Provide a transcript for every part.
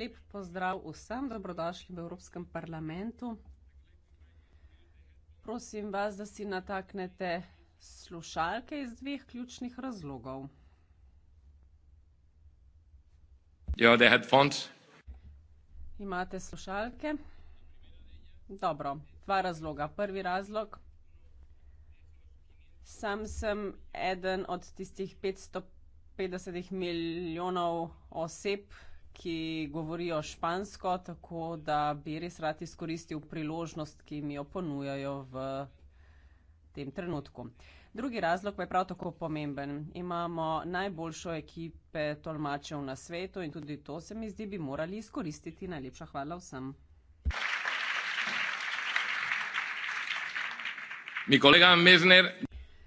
Lep pozdrav vsem, dobrodošli v Evropskem parlamentu. Prosim vas, da si nataknete slušalke iz dveh ključnih razlogov. Ja, the headphones. Imate slušalke? Dobro, dva razloga. Prvi razlog. Sam sem eden od tistih 550 milijonov oseb, ki govorijo špansko, tako da bi res rad izkoristil priložnost, ki mi jo ponujajo v tem trenutku. Drugi razlog pa je prav tako pomemben. Imamo najboljšo ekipe tolmačev na svetu in tudi to se mi zdi, bi morali izkoristiti. Najlepša hvala vsem. Mi kolega Mezner.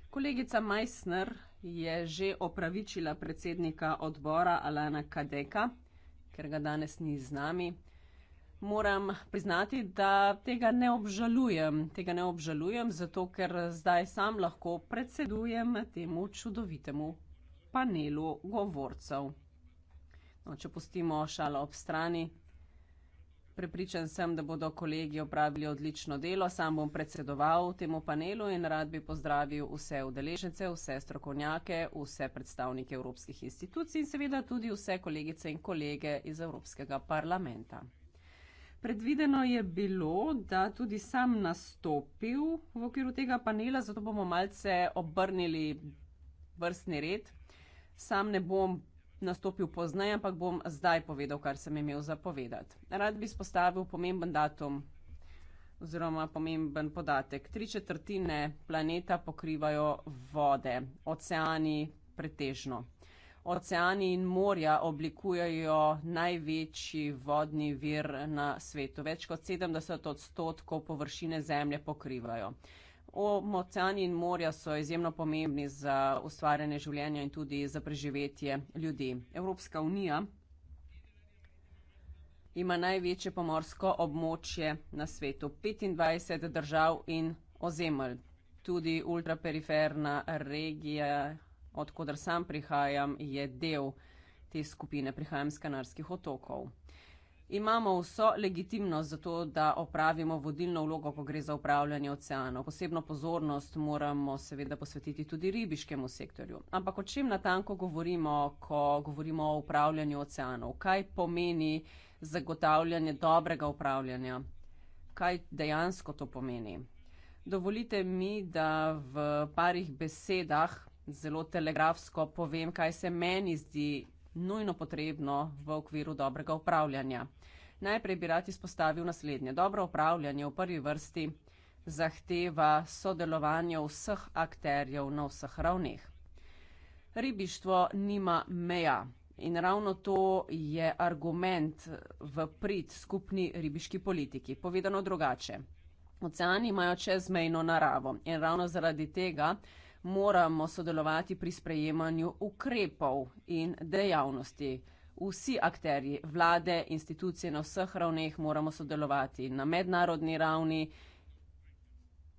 Kolegica Meissner je že opravičila predsednika odbora Alana Kadeka ker ga danes ni z nami. Moram priznati, da tega ne obžalujem, tega ne obžalujem, zato ker zdaj sam lahko predsedujem temu čudovitemu panelu govorcev. No, če pustimo šalo ob strani, Prepričan sem, da bodo kolegi opravili odlično delo, sam bom predsedoval temu panelu in rad bi pozdravil vse udeležence, vse strokovnjake, vse predstavnike evropskih institucij in seveda tudi vse kolegice in kolege iz Evropskega parlamenta. Predvideno je bilo, da tudi sam nastopil v okviru tega panela, zato bomo malce obrnili vrstni red. Sam ne bom nastopil pozneje, ampak bom zdaj povedal, kar sem imel zapovedati. Rad bi spostavil pomemben datum oziroma pomemben podatek. Tri četrtine planeta pokrivajo vode, oceani pretežno. Oceani in morja oblikujejo največji vodni vir na svetu. Več kot 70 odstotkov površine Zemlje pokrivajo. Ob oceani in morja so izjemno pomembni za ustvarjanje življenja in tudi za preživetje ljudi. Evropska unija ima največje pomorsko območje na svetu. 25 držav in ozemelj. Tudi ultraperiferna regija, odkudar sam prihajam, je del te skupine. Prihajam s Kanarskih otokov. Imamo vso legitimnost za to, da opravimo vodilno vlogo, ko gre za upravljanje oceanov. Posebno pozornost moramo seveda posvetiti tudi ribiškemu sektorju. Ampak o čem natanko govorimo, ko govorimo o upravljanju oceanov? Kaj pomeni zagotavljanje dobrega upravljanja? Kaj dejansko to pomeni? Dovolite mi, da v parih besedah zelo telegrafsko povem, kaj se meni zdi nujno potrebno v okviru dobrega upravljanja. Najprej bi rad izpostavil naslednje. Dobro upravljanje v prvi vrsti zahteva sodelovanje vseh akterjev na vseh ravneh. Ribištvo nima meja in ravno to je argument v prid skupni ribiški politiki. Povedano drugače, oceani imajo čezmejno naravo in ravno zaradi tega moramo sodelovati pri sprejemanju ukrepov in dejavnosti. Vsi akterji, vlade, institucije na vseh ravneh moramo sodelovati na mednarodni ravni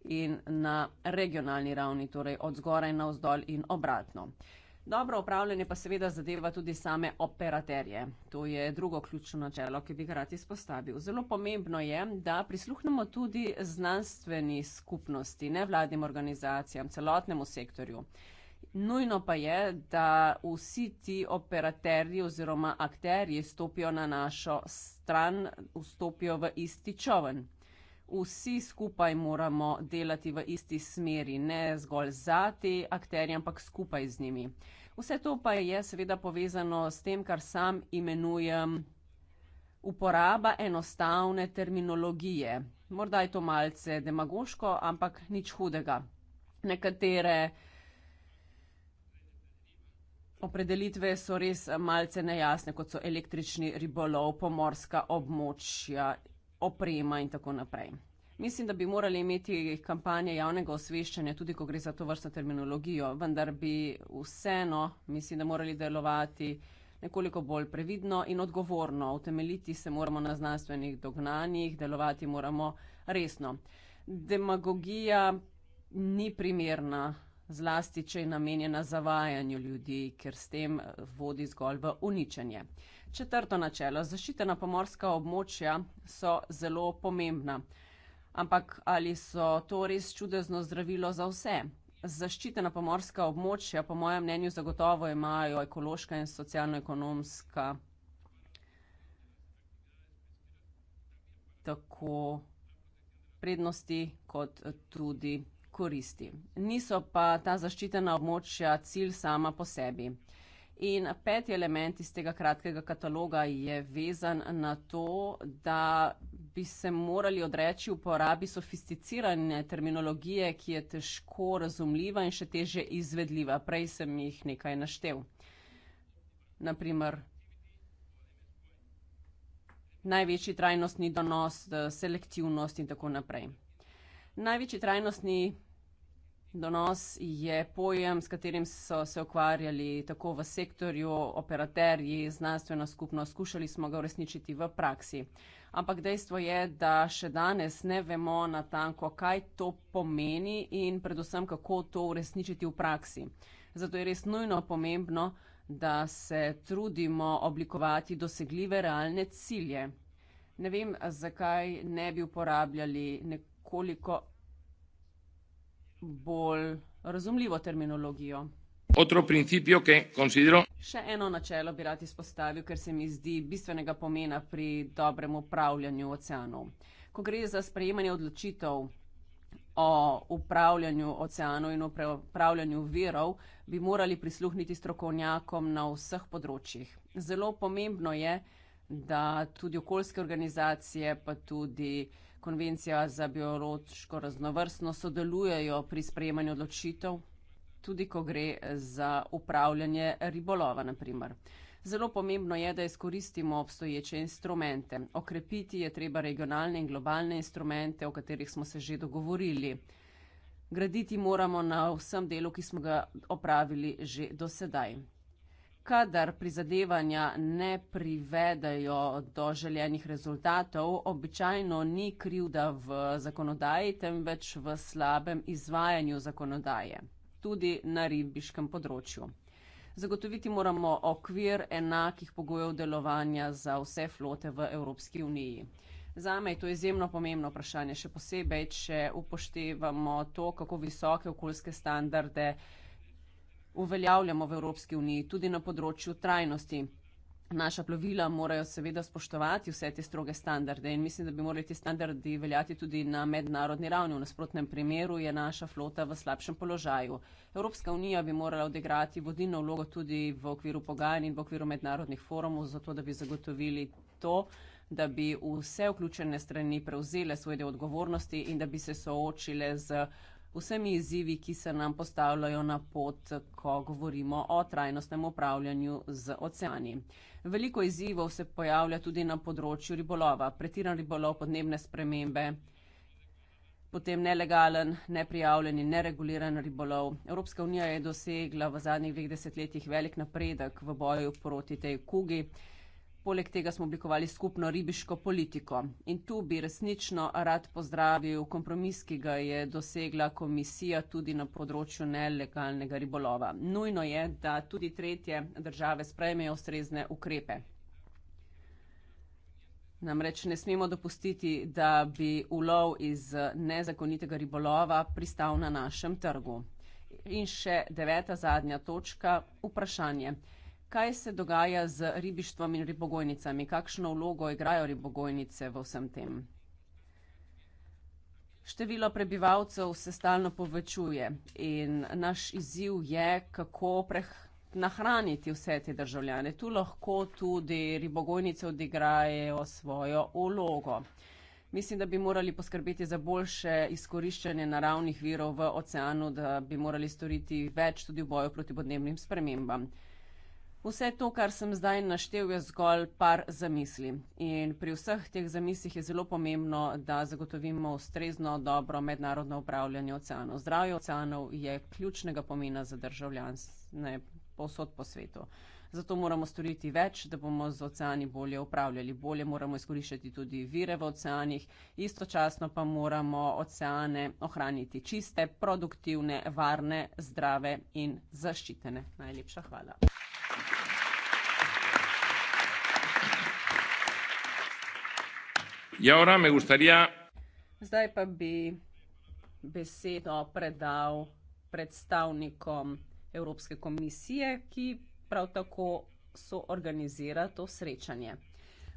in na regionalni ravni, torej od zgoraj na vzdolj in obratno. Dobro upravljanje pa seveda zadeva tudi same operaterje. To je drugo ključno načelo, ki bi ga rad izpostavil. Zelo pomembno je, da prisluhnemo tudi znanstveni skupnosti, nevladnim organizacijam, celotnemu sektorju. Nujno pa je, da vsi ti operaterji oziroma akterji stopijo na našo stran, vstopijo v isti čovn vsi skupaj moramo delati v isti smeri, ne zgolj za te akterje, ampak skupaj z njimi. Vse to pa je seveda povezano s tem, kar sam imenujem uporaba enostavne terminologije. Morda je to malce demagoško, ampak nič hudega. Nekatere opredelitve so res malce nejasne, kot so električni ribolov, pomorska območja oprema in tako naprej. Mislim, da bi morali imeti kampanje javnega osveščanja, tudi ko gre za to vrsto terminologijo, vendar bi vseeno, mislim, da morali delovati nekoliko bolj previdno in odgovorno. Utemeliti se moramo na znanstvenih dognanjih, delovati moramo resno. Demagogija ni primerna zlasti če je namenjena zavajanju ljudi, ker s tem eh, vodi zgolj v uničenje. Četrto načelo. Zašitena pomorska območja so zelo pomembna. Ampak ali so to res čudežno zdravilo za vse? Zaščitena pomorska območja, po mojem mnenju, zagotovo imajo ekološka in socialno-ekonomska tako prednosti kot tudi koristi. Niso pa ta zaščitena območja cilj sama po sebi. In peti element iz tega kratkega kataloga je vezan na to, da bi se morali odreči uporabi sofisticirane terminologije, ki je težko razumljiva in še teže izvedljiva. Prej sem jih nekaj naštel. Naprimer, največji trajnostni donos, selektivnost in tako naprej. Največji trajnostni Donos je pojem, s katerim so se ukvarjali tako v sektorju, operaterji, znanstvena skupnost. Skušali smo ga uresničiti v praksi. Ampak dejstvo je, da še danes ne vemo natanko, kaj to pomeni in predvsem, kako to uresničiti v praksi. Zato je res nujno pomembno, da se trudimo oblikovati dosegljive realne cilje. Ne vem, zakaj ne bi uporabljali nekoliko bolj razumljivo terminologijo. Še eno načelo bi rad izpostavil, ker se mi zdi bistvenega pomena pri dobrem upravljanju oceanov. Ko gre za sprejemanje odločitev o upravljanju oceanov in upravljanju verov, bi morali prisluhniti strokovnjakom na vseh področjih. Zelo pomembno je, da tudi okoljske organizacije, pa tudi konvencija za biološko raznovrstnost sodelujejo pri sprejemanju odločitev, tudi ko gre za upravljanje ribolova, naprimer. Zelo pomembno je, da izkoristimo obstoječe instrumente. Okrepiti je treba regionalne in globalne instrumente, o katerih smo se že dogovorili. Graditi moramo na vsem delu, ki smo ga opravili že dosedaj. Kadar prizadevanja ne privedajo do željenih rezultatov, običajno ni krivda v zakonodaji, temveč v slabem izvajanju zakonodaje, tudi na ribiškem področju. Zagotoviti moramo okvir enakih pogojev delovanja za vse flote v Evropski uniji. Zame je to izjemno pomembno vprašanje, še posebej, če upoštevamo to, kako visoke okoljske standarde uveljavljamo v Evropski uniji, tudi na področju trajnosti. Naša plovila morajo seveda spoštovati vse te stroge standarde in mislim, da bi morali ti standardi veljati tudi na mednarodni ravni. V nasprotnem primeru je naša flota v slabšem položaju. Evropska unija bi morala odigrati vodilno vlogo tudi v okviru pogajanj in v okviru mednarodnih forumov, zato da bi zagotovili to, da bi vse vključene strani prevzele svoje odgovornosti in da bi se soočile z vsemi izzivi, ki se nam postavljajo na pot, ko govorimo o trajnostnem upravljanju z oceani. Veliko izzivov se pojavlja tudi na področju ribolova, pretiran ribolov, podnebne spremembe, potem nelegalen, neprijavljen in nereguliran ribolov. Evropska unija je dosegla v zadnjih dveh desetletjih velik napredek v boju proti tej kugi. Poleg tega smo oblikovali skupno ribiško politiko. In tu bi resnično rad pozdravil kompromis, ki ga je dosegla komisija tudi na področju nelegalnega ribolova. Nujno je, da tudi tretje države sprejmejo ustrezne ukrepe. Namreč ne smemo dopustiti, da bi ulov iz nezakonitega ribolova pristal na našem trgu. In še deveta zadnja točka, vprašanje. Kaj se dogaja z ribištvom in ribogojnicami? Kakšno vlogo igrajo ribogojnice v vsem tem? Število prebivalcev se stalno povečuje in naš izziv je, kako nahraniti vse te državljane. Tu lahko tudi ribogojnice odigrajo svojo vlogo. Mislim, da bi morali poskrbeti za boljše izkoriščanje naravnih virov v oceanu, da bi morali storiti več tudi v boju proti podnebnim spremembam. Vse to, kar sem zdaj naštel, je zgolj par zamisli. In pri vseh teh zamislih je zelo pomembno, da zagotovimo ustrezno dobro mednarodno upravljanje oceanov. Zdravje oceanov je ključnega pomena za državljanske posod po svetu. Zato moramo storiti več, da bomo z oceani bolje upravljali. Bolje moramo izkoriščati tudi vire v oceanih, istočasno pa moramo oceane ohraniti čiste, produktivne, varne, zdrave in zaščitene. Najlepša hvala. Ja, ora, me gustaría... Zdaj pa bi besedo predal predstavnikom Evropske komisije, ki prav tako so organizira to srečanje.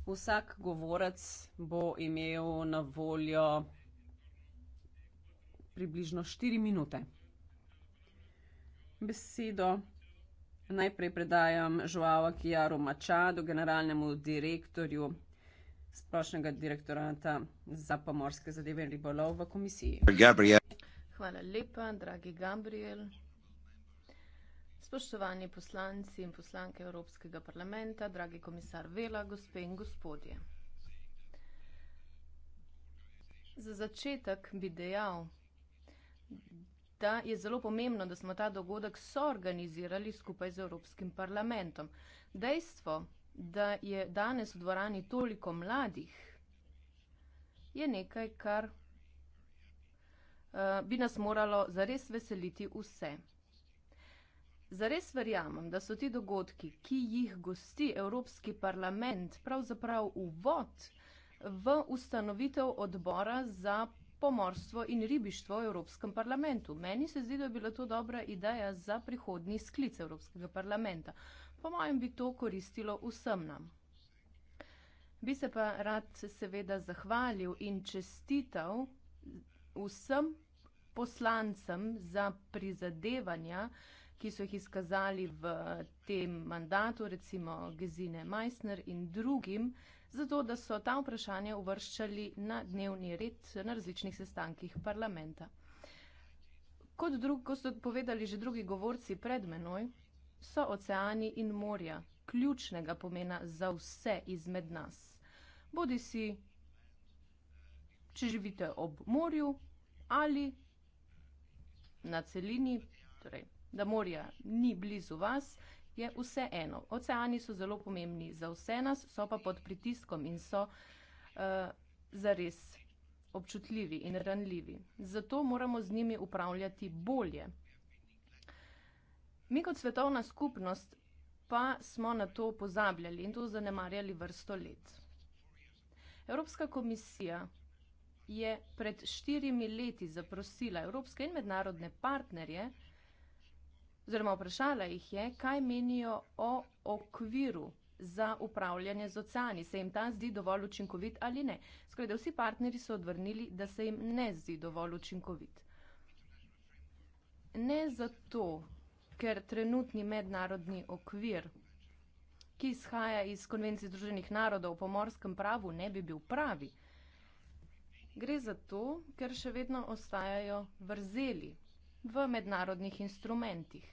Vsak govorec bo imel na voljo približno 4 minute. Besedo najprej predajam Žuava Kijaru Mačadu, generalnemu direktorju splošnega direktorata za pomorske zadeve in ribolov v komisiji. Gabriel. Hvala lepa, dragi Gabriel. Spoštovani poslanci in poslanke Evropskega parlamenta, dragi komisar Vela, gospe in gospodje. Za začetek bi dejal, da je zelo pomembno, da smo ta dogodek soorganizirali skupaj z Evropskim parlamentom. Dejstvo, da je danes v dvorani toliko mladih, je nekaj, kar uh, bi nas moralo zares veseliti vse. Zares verjamem, da so ti dogodki, ki jih gosti Evropski parlament, pravzaprav uvod v ustanovitev odbora za pomorstvo in ribištvo v Evropskem parlamentu. Meni se zdi, da je bila to dobra ideja za prihodni sklic Evropskega parlamenta. Po mojem bi to koristilo vsem nam. Bi se pa rad seveda zahvalil in čestital vsem poslancem za prizadevanja, ki so jih izkazali v tem mandatu, recimo Gezine Meissner in drugim, zato da so ta vprašanja uvrščali na dnevni red na različnih sestankih parlamenta. Kot drug, ko so povedali že drugi govorci pred menoj, so oceani in morja ključnega pomena za vse izmed nas. Bodi si, če živite ob morju ali na celini, torej, da morja ni blizu vas, je vse eno. Oceani so zelo pomembni za vse nas, so pa pod pritiskom in so uh, zares občutljivi in ranljivi. Zato moramo z njimi upravljati bolje. Mi kot svetovna skupnost pa smo na to pozabljali in to zanemarjali vrsto let. Evropska komisija je pred štirimi leti zaprosila evropske in mednarodne partnerje, oziroma vprašala jih je, kaj menijo o okviru za upravljanje z oceani. Se jim ta zdi dovolj učinkovit ali ne? Skoraj da vsi partnerji so odvrnili, da se jim ne zdi dovolj učinkovit. Ne zato, ker trenutni mednarodni okvir, ki izhaja iz konvencije Združenih narodov o pomorskem pravu, ne bi bil pravi. Gre za to, ker še vedno ostajajo vrzeli v mednarodnih instrumentih.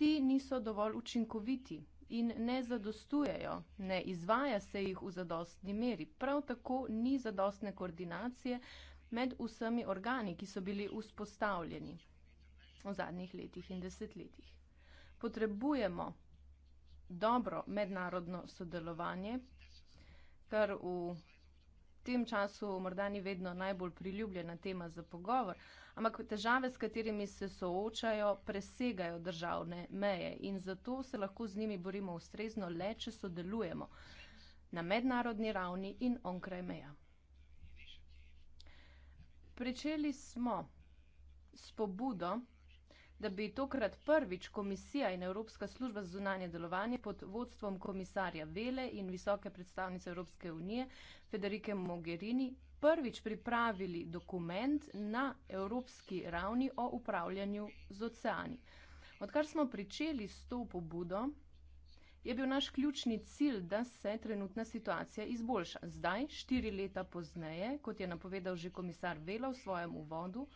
Ti niso dovolj učinkoviti in ne zadostujejo, ne izvaja se jih v zadostni meri. Prav tako ni zadostne koordinacije med vsemi organi, ki so bili vzpostavljeni v zadnjih letih in desetletjih. Potrebujemo dobro mednarodno sodelovanje, kar v tem času morda ni vedno najbolj priljubljena tema za pogovor, ampak težave, s katerimi se soočajo, presegajo državne meje in zato se lahko z njimi borimo ustrezno le, če sodelujemo na mednarodni ravni in onkraj meja. Pričeli smo s pobudo, da bi tokrat prvič komisija in Evropska služba za zunanje delovanje pod vodstvom komisarja Vele in visoke predstavnice Evropske unije Federike Mogherini prvič pripravili dokument na evropski ravni o upravljanju z oceani. Odkar smo pričeli s to pobudo, je bil naš ključni cilj, da se trenutna situacija izboljša. Zdaj, štiri leta pozneje, kot je napovedal že komisar Vela v svojem uvodu,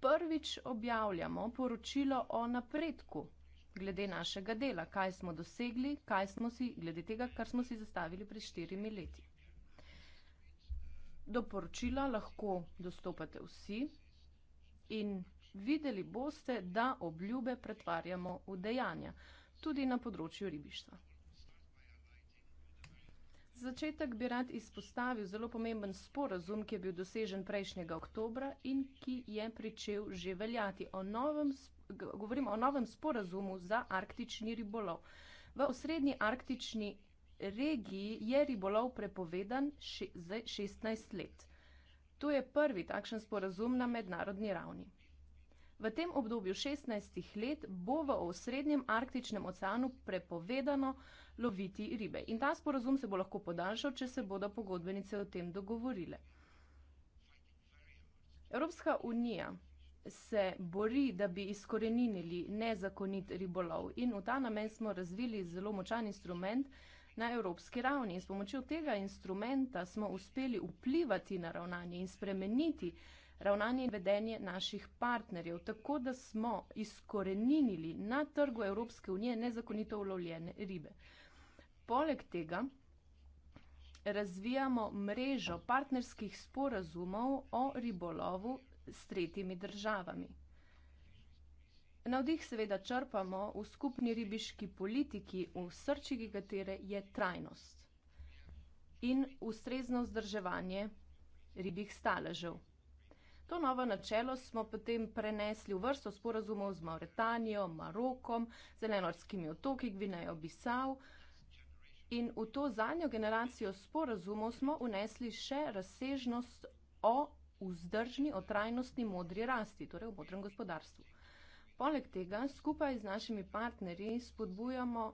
prvič objavljamo poročilo o napredku glede našega dela, kaj smo dosegli, kaj smo si, glede tega, kar smo si zastavili pred štirimi leti. Do poročila lahko dostopate vsi in videli boste, da obljube pretvarjamo v dejanja, tudi na področju ribištva. Za začetek bi rad izpostavil zelo pomemben sporazum, ki je bil dosežen prejšnjega oktobra in ki je pričel že veljati. O novem, govorimo o novem sporazumu za arktični ribolov. V osrednji arktični regiji je ribolov prepovedan še, za 16 let. To je prvi takšen sporazum na mednarodni ravni. V tem obdobju 16 let bo v osrednjem arktičnem oceanu prepovedano loviti ribe. In ta sporazum se bo lahko podaljšal, če se bodo pogodbenice o tem dogovorile. Evropska unija se bori, da bi izkoreninili nezakonit ribolov in v ta namen smo razvili zelo močan instrument na evropski ravni. In s pomočjo tega instrumenta smo uspeli vplivati na ravnanje in spremeniti ravnanje in vedenje naših partnerjev, tako da smo izkoreninili na trgu Evropske unije nezakonito ulovljene ribe. Poleg tega razvijamo mrežo partnerskih sporazumov o ribolovu s tretjimi državami. Navdih seveda črpamo v skupni ribiški politiki, v srči katere je trajnost in ustrezno vzdrževanje ribih staležev. To novo načelo smo potem prenesli v vrsto sporazumov z Mauretanijo, Marokom, Zelenorskimi otoki, Gvinejo, Bisav, in v to zadnjo generacijo sporazumov smo unesli še razsežnost o vzdržni, o trajnostni modri rasti, torej o modrem gospodarstvu. Poleg tega skupaj z našimi partnerji spodbujamo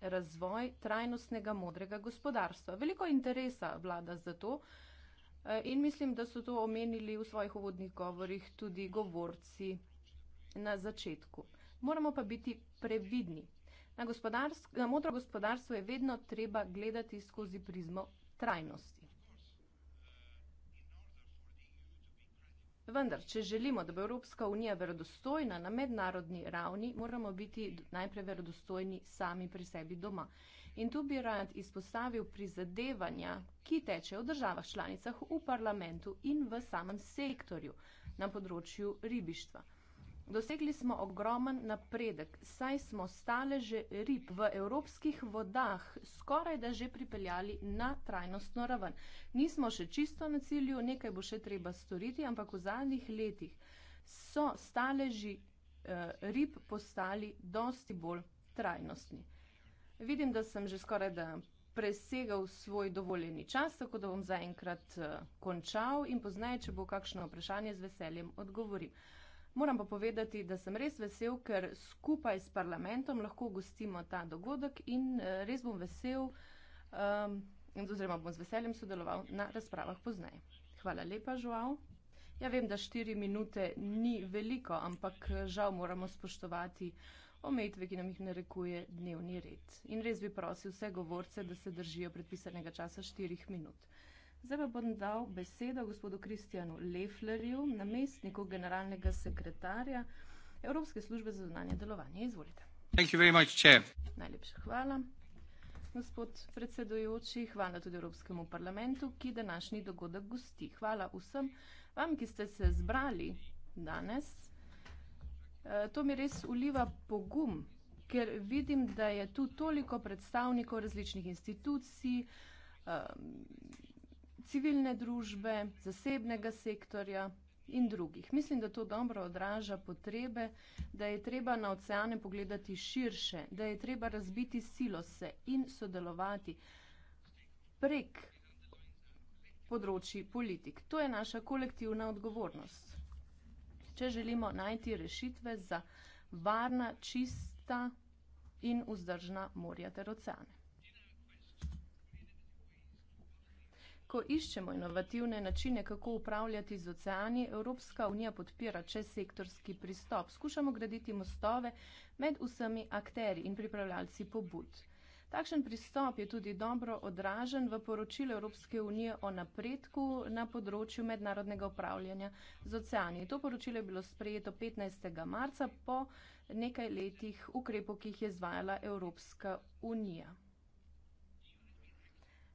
razvoj trajnostnega modrega gospodarstva. Veliko interesa vlada za to eh, in mislim, da so to omenili v svojih uvodnih govorih tudi govorci na začetku. Moramo pa biti previdni, Na, gospodarsk na modro gospodarstvo je vedno treba gledati skozi prizmo trajnosti. Vendar, če želimo, da bo Evropska unija verodostojna na mednarodni ravni, moramo biti najprej verodostojni sami pri sebi doma. In tu bi rad izpostavil prizadevanja, ki tečejo v državah članicah, v parlamentu in v samem sektorju na področju ribištva. Dosegli smo ogromen napredek, saj smo staleže rib v evropskih vodah skoraj da že pripeljali na trajnostno raven. Nismo še čisto na cilju, nekaj bo še treba storiti, ampak v zadnjih letih so staleži eh, rib postali dosti bolj trajnostni. Vidim, da sem že skoraj da presegal svoj dovoljeni čas, tako da bom zaenkrat eh, končal in poznaj, če bo kakšno vprašanje, z veseljem odgovorim. Moram pa povedati, da sem res vesel, ker skupaj s parlamentom lahko gostimo ta dogodek in eh, res bom vesel, um, oziroma bom z veseljem sodeloval na razpravah pozneje. Hvala lepa, Žual. Ja, vem, da štiri minute ni veliko, ampak eh, žal moramo spoštovati omejitve, ki nam jih narekuje dnevni red. In res bi prosil vse govorce, da se držijo predpisanega časa štirih minut. Zdaj pa bom dal besedo gospodu Kristjanu Leflerju, namestniku generalnega sekretarja Evropske službe za zunanje delovanje. Izvolite. Much, Najlepša hvala. Gospod predsedujoči, hvala tudi Evropskemu parlamentu, ki današnji dogodek gosti. Hvala vsem vam, ki ste se zbrali danes. Eh, to mi res uliva pogum, ker vidim, da je tu toliko predstavnikov različnih institucij, eh, civilne družbe, zasebnega sektorja in drugih. Mislim, da to dobro odraža potrebe, da je treba na oceane pogledati širše, da je treba razbiti silose in sodelovati prek področji politik. To je naša kolektivna odgovornost. Če želimo najti rešitve za varna, čista in vzdržna morja ter oceane. Ko iščemo inovativne načine, kako upravljati z oceani, Evropska unija podpira česektorski pristop. Skušamo graditi mostove med vsemi akteri in pripravljalci pobud. Takšen pristop je tudi dobro odražen v poročilu Evropske unije o napredku na področju mednarodnega upravljanja z oceani. To poročilo je bilo sprejeto 15. marca po nekaj letih ukrepov, ki jih je izvajala Evropska unija.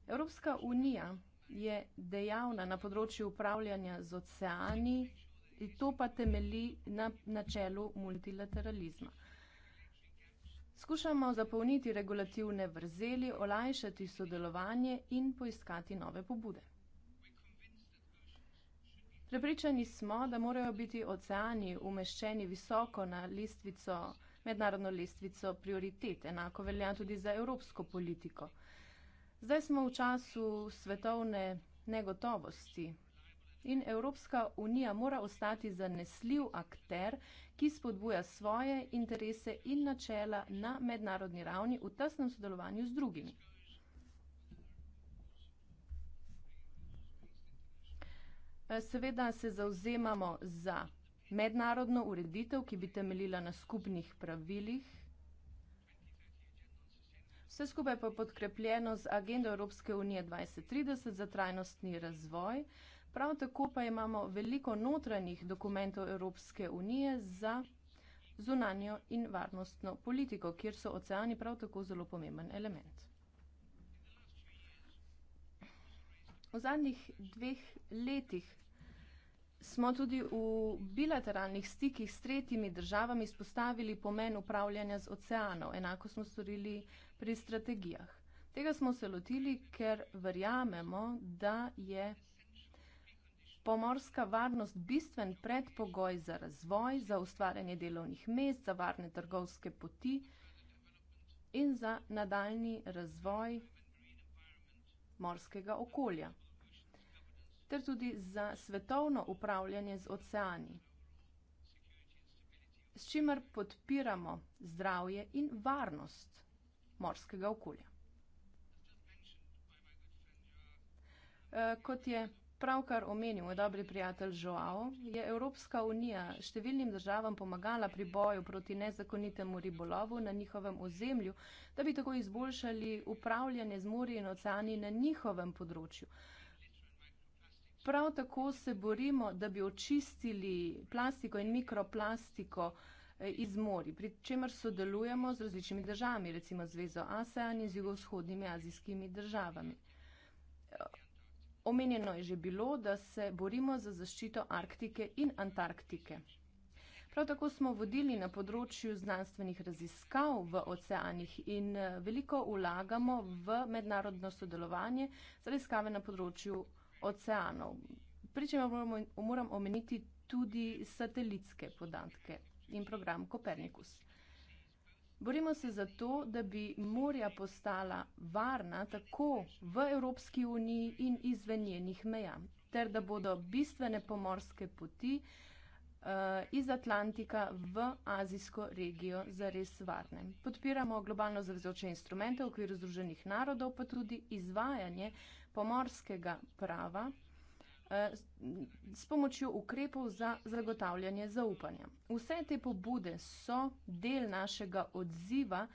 Evropska unija je dejavna na področju upravljanja z oceani, to pa temelji na načelu multilateralizma. Skušamo zapolniti regulativne vrzeli, olajšati sodelovanje in poiskati nove pobude. Prepričani smo, da morajo biti oceani umeščeni visoko na listvico, mednarodno listvico prioritet. Enako velja tudi za evropsko politiko. Zdaj smo v času svetovne negotovosti in Evropska unija mora ostati zanesljiv akter, ki spodbuja svoje interese in načela na mednarodni ravni v tesnem sodelovanju z drugimi. Eh, seveda se zauzemamo za mednarodno ureditev, ki bi temeljila na skupnih pravilih, Vse skupaj pa je podkrepljeno z agendo Evropske unije 2030 za trajnostni razvoj. Prav tako pa imamo veliko notranjih dokumentov Evropske unije za zunanjo in varnostno politiko, kjer so oceani prav tako zelo pomemben element. V zadnjih dveh letih smo tudi v bilateralnih stikih s tretjimi državami spostavili pomen upravljanja z oceanov. Enako smo storili pri strategijah. Tega smo se lotili, ker verjamemo, da je pomorska varnost bistven predpogoj za razvoj, za ustvarjanje delovnih mest, za varne trgovske poti in za nadaljni razvoj morskega okolja ter tudi za svetovno upravljanje z oceani, s čimer podpiramo zdravje in varnost morskega okolja. E, kot je pravkar omenil moj dobri prijatelj Joao, je Evropska unija številnim državam pomagala pri boju proti nezakonitemu ribolovu na njihovem ozemlju, da bi tako izboljšali upravljanje z morji in oceani na njihovem področju. Prav tako se borimo, da bi očistili plastiko in mikroplastiko eh, iz mori, pri čemer sodelujemo z različnimi državami, recimo Zvezo ASEAN in z jugovzhodnimi azijskimi državami. Eh, omenjeno je že bilo, da se borimo za zaščito Arktike in Antarktike. Prav tako smo vodili na področju znanstvenih raziskav v oceanih in eh, veliko vlagamo v mednarodno sodelovanje za raziskave na področju oceanov. Pričemer moramo, moramo omeniti tudi satelitske podatke in program Kopernikus. Borimo se za to, da bi morja postala varna tako v Evropski uniji in izven njenih meja, ter da bodo bistvene pomorske poti uh, iz Atlantika v azijsko regijo zares varne. Podpiramo globalno zavezoče instrumente v okviru Združenih narodov, pa tudi izvajanje uh, pomorskega prava eh, s pomočjo ukrepov za zagotavljanje zaupanja. Vse te pobude so del našega odziva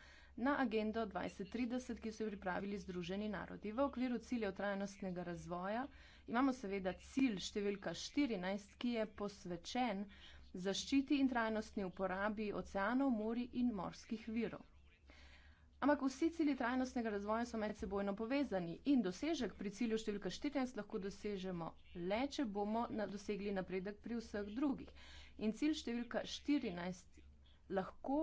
na agendo 2030, ki so jo pripravili Združeni narodi. V okviru ciljev trajnostnega razvoja imamo seveda cilj številka 14, ki je posvečen zaščiti in trajnostni uporabi oceanov, mori in morskih virov. Ampak vsi cilji trajnostnega razvoja so med sebojno povezani in dosežek pri cilju številka 14 lahko dosežemo le, če bomo dosegli napredek pri vseh drugih. In cilj številka 14 lahko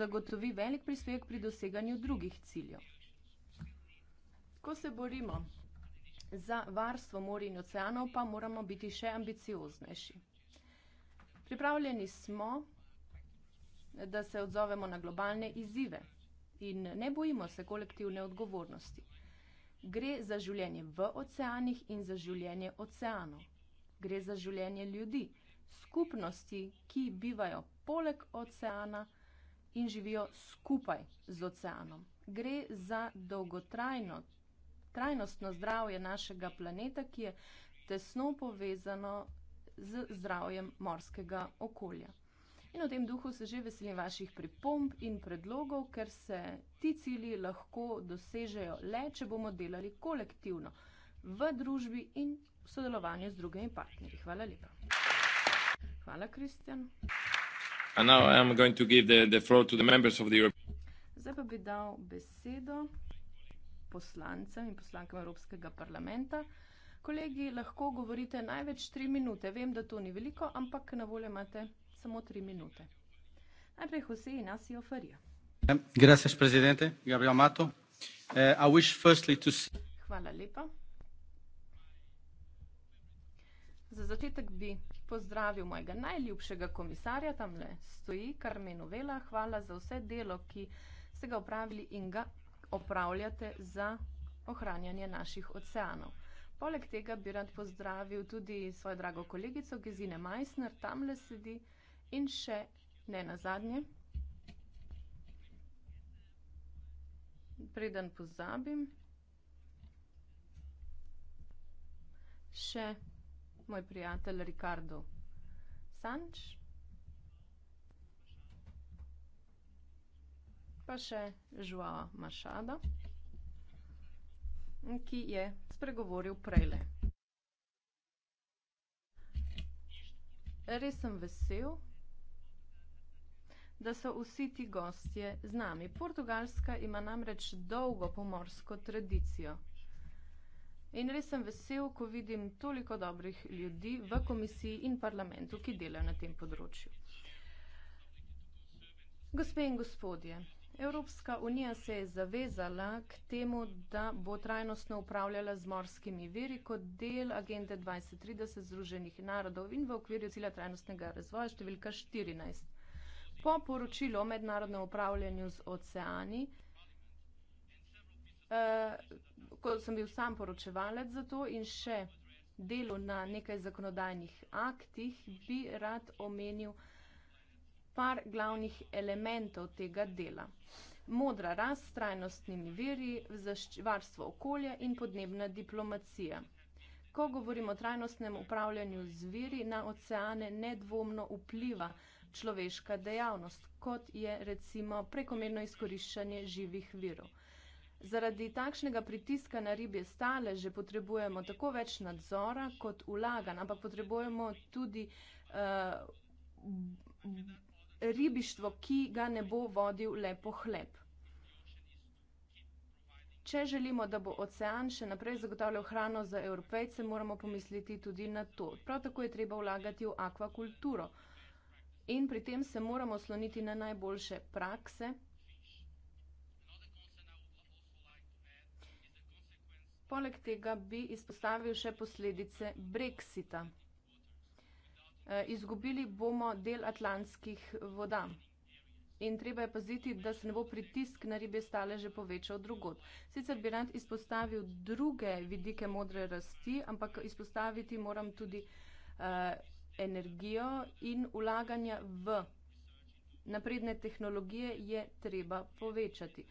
zagotovi velik prispevek pri doseganju drugih ciljev. Ko se borimo za varstvo morja in oceanov, pa moramo biti še ambicioznejši. Pripravljeni smo, da se odzovemo na globalne izzive in ne bojimo se kolektivne odgovornosti. Gre za življenje v oceanih in za življenje oceanov. Gre za življenje ljudi, skupnosti, ki bivajo poleg oceana in živijo skupaj z oceanom. Gre za dolgotrajno, trajnostno zdravje našega planeta, ki je tesno povezano z zdravjem morskega okolja. In v tem duhu se že veselim vaših pripomb in predlogov, ker se ti cili lahko dosežejo le, če bomo delali kolektivno v družbi in v sodelovanju z drugimi partnerji. Hvala lepa. Hvala, Kristjan. Zdaj pa bi dal besedo poslancem in poslankam Evropskega parlamenta. Kolegi, lahko govorite največ tri minute. Vem, da to ni veliko, ampak na voljo imate samo tri minute. Najprej Jose Inacio Faria. Gracias, presidente. Gabriel Mato. Uh, I wish firstly to... Hvala lepa. Za začetek bi pozdravil mojega najljubšega komisarja, tamle stoji Carmenu Vela. Hvala za vse delo, ki ste ga opravili in ga opravljate za ohranjanje naših oceanov. Poleg tega bi rad pozdravil tudi svojo drago kolegico Gezine Meissner, tamle sedi. In še ne nazadnje, preden pozabim, še moj prijatelj Ricardo Sanč. Pa še Joao Machado, ki je spregovoril prejle. Res sem vesel, da so vsi ti gostje z nami. Portugalska ima namreč dolgo pomorsko tradicijo. In res sem vesel, ko vidim toliko dobrih ljudi v komisiji in parlamentu, ki delajo na tem področju. Gospe in gospodje, Evropska unija se je zavezala k temu, da bo trajnostno upravljala z morskimi viri kot del agende 2030 Združenih narodov in v okviru cilja trajnostnega razvoja številka 14 po poročilu o mednarodnem upravljanju z oceani, Uh, ko sem bil sam poročevalec za to in še delo na nekaj zakonodajnih aktih, bi rad omenil par glavnih elementov tega dela. Modra rast s trajnostnimi veri, varstvo okolja in podnebna diplomacija. Ko govorimo o trajnostnem upravljanju z veri na oceane, nedvomno vpliva na človeška dejavnost, kot je recimo prekomerno izkoriščanje živih virov. Zaradi takšnega pritiska na ribje stale že potrebujemo tako več nadzora kot ulaganj, ampak potrebujemo tudi uh, ribištvo, ki ga ne bo vodil le pohleb. Če želimo, da bo ocean še naprej zagotavljal hrano za evropejce, moramo pomisliti tudi na to. Prav tako je treba vlagati v akvakulturo. Uh, in pri tem se moramo osloniti na najboljše prakse. Poleg tega bi izpostavil še posledice Brexita. E, izgubili bomo del atlantskih voda. In treba je paziti, da se ne bo pritisk na ribje stale že povečal drugod. Sicer bi rad izpostavil druge vidike modre rasti, ampak izpostaviti moram tudi uh, energijo in vlaganja v napredne tehnologije je treba povečati.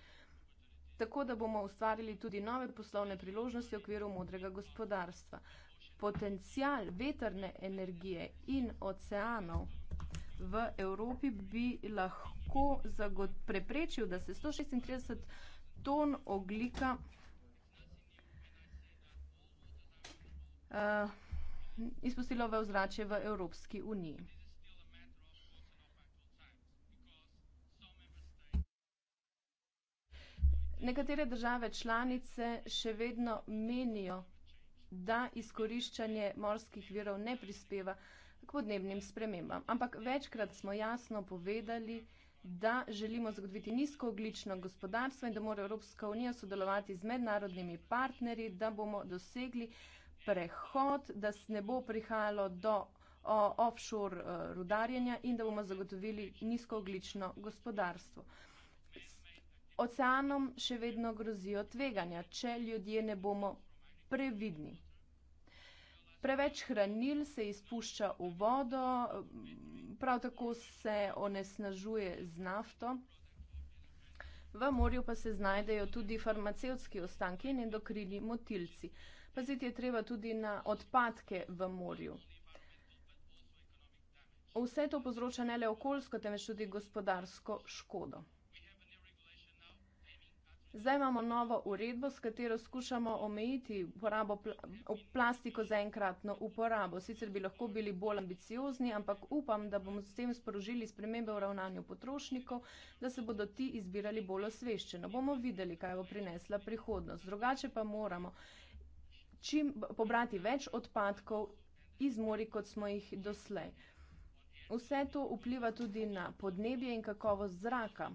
Tako, da bomo ustvarili tudi nove poslovne priložnosti v okviru modrega gospodarstva. Potencial veterne energije in oceanov v Evropi bi lahko preprečil, da se 136 ton oglika uh, izpustilo v ozračje v Evropski uniji. Nekatere države članice še vedno menijo, da izkoriščanje morskih virov ne prispeva k podnebnim spremembam. Ampak večkrat smo jasno povedali, da želimo zagotoviti nizkooglično gospodarstvo in da mora Evropska unija sodelovati z mednarodnimi partnerji, da bomo dosegli prehod, da ne bo prihajalo do offshore eh, rudarjenja in da bomo zagotovili nizkooglično gospodarstvo. Oceanom še vedno grozijo tveganja, če ljudje ne bomo previdni. Preveč hranil se izpušča v vodo, eh, prav tako se onesnažuje z nafto. V morju pa se znajdejo tudi farmacevtski ostanki in endokrini motilci. Paziti je treba tudi na odpadke v morju. Vse to povzroča ne le okoljsko, temveč tudi gospodarsko škodo. Zdaj imamo novo uredbo, s katero skušamo omejiti uporabo pl plastiko za enkratno uporabo. Sicer bi lahko bili bolj ambiciozni, ampak upam, da bomo s tem sporožili spremembe v ravnanju potrošnikov, da se bodo ti izbirali bolj osveščeno. Bomo videli, kaj bo prinesla prihodnost. Drugače pa moramo čim, pobrati več odpadkov iz mori, kot smo jih doslej. Vse to vpliva tudi na podnebje in kakovost zraka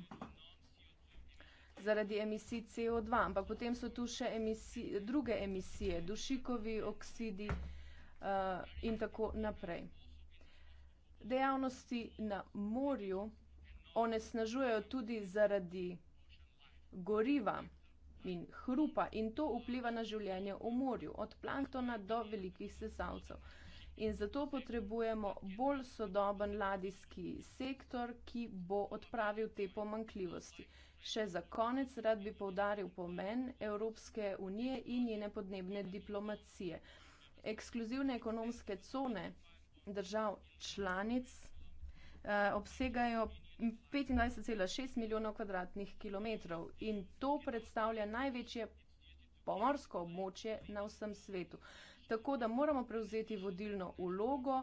zaradi emisij CO2, ampak potem so tu še emisij, druge emisije, dušikovi oksidi uh, in tako naprej. Dejavnosti na morju onesnažujejo tudi zaradi goriva in hrupa in to vpliva na življenje v morju, od planktona do velikih sesalcev. In zato potrebujemo bolj sodoben ladijski sektor, ki bo odpravil te pomankljivosti. Še za konec rad bi povdaril pomen Evropske unije in njene podnebne diplomacije. Ekskluzivne ekonomske cone držav članic eh, obsegajo 25,6 milijonov kvadratnih kilometrov in to predstavlja največje pomorsko območje na vsem svetu. Tako da moramo prevzeti vodilno ulogo,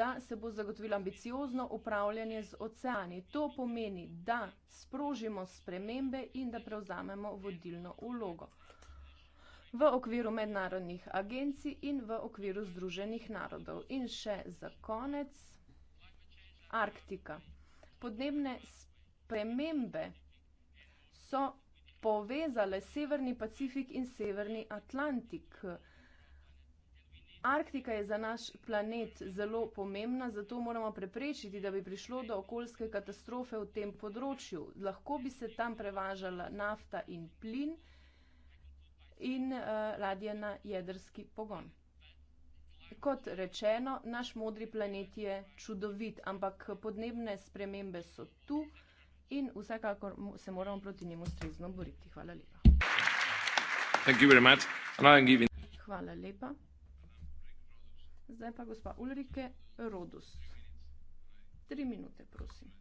da se bo zagotovilo ambiciozno upravljanje z oceani. To pomeni, da sprožimo spremembe in da prevzamemo vodilno ulogo v okviru mednarodnih agencij in v okviru Združenih narodov. In še za konec Arktika podnebne spremembe so povezale Severni Pacifik in Severni Atlantik. Arktika je za naš planet zelo pomembna, zato moramo preprečiti, da bi prišlo do okoljske katastrofe v tem področju. Lahko bi se tam prevažala nafta in plin in uh, eh, ladje na jedrski pogon. Kot rečeno, naš modri planet je čudovit, ampak podnebne spremembe so tu in vsekakor se moramo proti njim ustrezno boriti. Hvala lepa. Hvala lepa. Zdaj pa gospa Ulrike Rodus. Tri minute, prosim.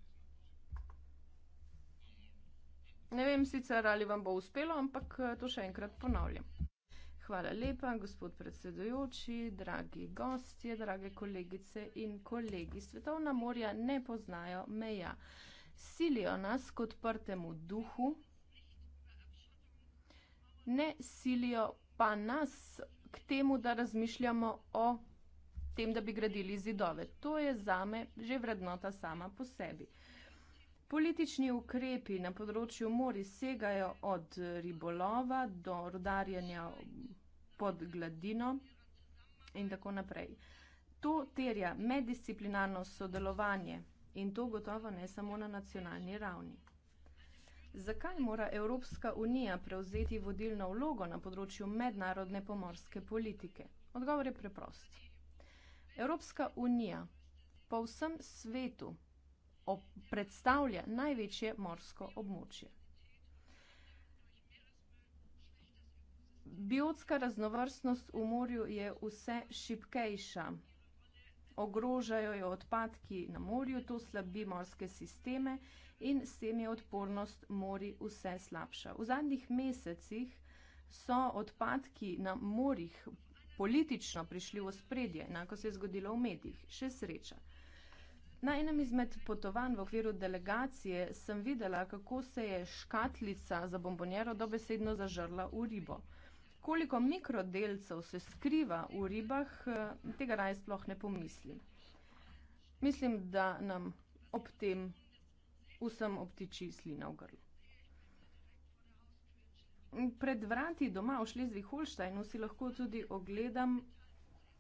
Ne vem sicer, ali vam bo uspelo, ampak eh, to še enkrat ponavljam. Hvala lepa, gospod predsedujoči, dragi gostje, drage kolegice in kolegi. Svetovna morja ne poznajo meja. Silijo nas k odprtemu duhu, ne silijo pa nas k temu, da razmišljamo o tem, da bi gradili zidove. To je zame že vrednota sama po sebi. Politični ukrepi na področju mori segajo od ribolova do rodarjenja pod gladino in tako naprej. To terja meddisciplinarno sodelovanje in to gotovo ne samo na nacionalni ravni. Zakaj mora Evropska unija prevzeti vodilno vlogo na področju mednarodne pomorske politike? Odgovor je preprost. Evropska unija po vsem svetu predstavlja največje morsko območje. Biotska raznovrstnost v morju je vse šibkejša. Ogrožajo jo odpadki na morju, to slabi morske sisteme in s tem je odpornost mori vse slabša. V zadnjih mesecih so odpadki na morjih politično prišli v ospredje, enako se je zgodilo v medijih, še sreča. Na enem izmed potovanj v okviru delegacije sem videla, kako se je škatlica za bombonjero dobesedno zažrla v ribo. Koliko mikrodelcev se skriva v ribah, eh, tega raje sploh ne pomislim. Mislim, da nam ob tem vsem obtiči slina v grlu. Pred vrati doma v Šlezvi Holštajnu si lahko tudi ogledam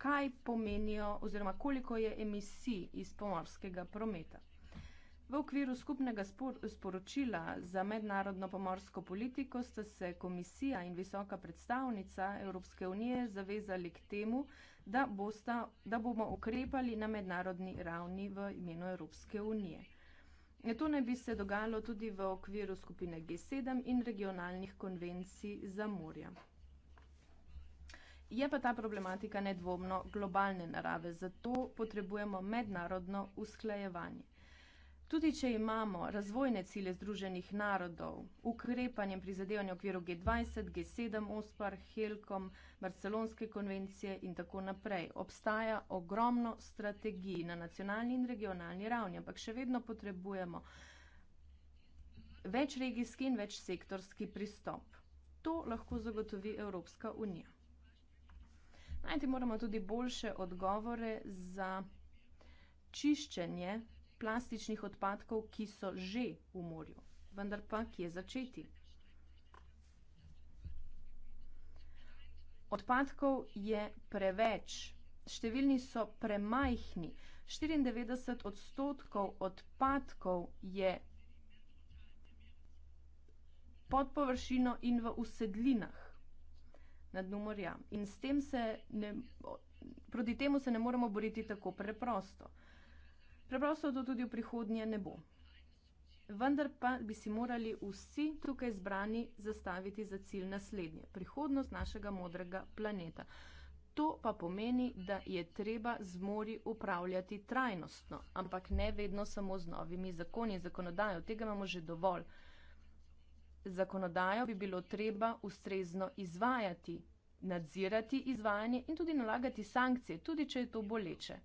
kaj pomenijo oziroma koliko je emisij iz pomorskega prometa. V okviru skupnega spor sporočila za mednarodno pomorsko politiko sta se komisija in visoka predstavnica Evropske unije zavezali k temu, da, bosta, da bomo ukrepali na mednarodni ravni v imenu Evropske unije. To naj bi se dogajalo tudi v okviru skupine G7 in regionalnih konvencij za morja. Je pa ta problematika nedvomno globalne narave, zato potrebujemo mednarodno usklajevanje. Tudi, če imamo razvojne cilje Združenih narodov, ukrepanje prizadevanja v okviru G20, G7, OSPAR, HELKOM, Barcelonske konvencije in tako naprej, obstaja ogromno strategij na nacionalni in regionalni ravni, ampak še vedno potrebujemo več regijski in več sektorski pristop. To lahko zagotovi Evropska unija. Najti moramo tudi boljše odgovore za čiščenje plastičnih odpadkov, ki so že v morju. Vendar pa, kje začeti? Odpadkov je preveč. Številni so premajhni. 94 odstotkov odpadkov je pod površino in v usedlinah na dnu morja. In s tem se ne, proti temu se ne moremo boriti tako preprosto. Preprosto to tudi v prihodnje ne bo. Vendar pa bi si morali vsi tukaj zbrani zastaviti za cilj naslednje: prihodnost našega modrega planeta. To pa pomeni, da je treba z mori upravljati trajnostno, ampak ne vedno samo z novimi zakoni in zakonodajo. Tega imamo že dovolj zakonodajo bi bilo treba ustrezno izvajati, nadzirati izvajanje in tudi nalagati sankcije, tudi če je to boleče.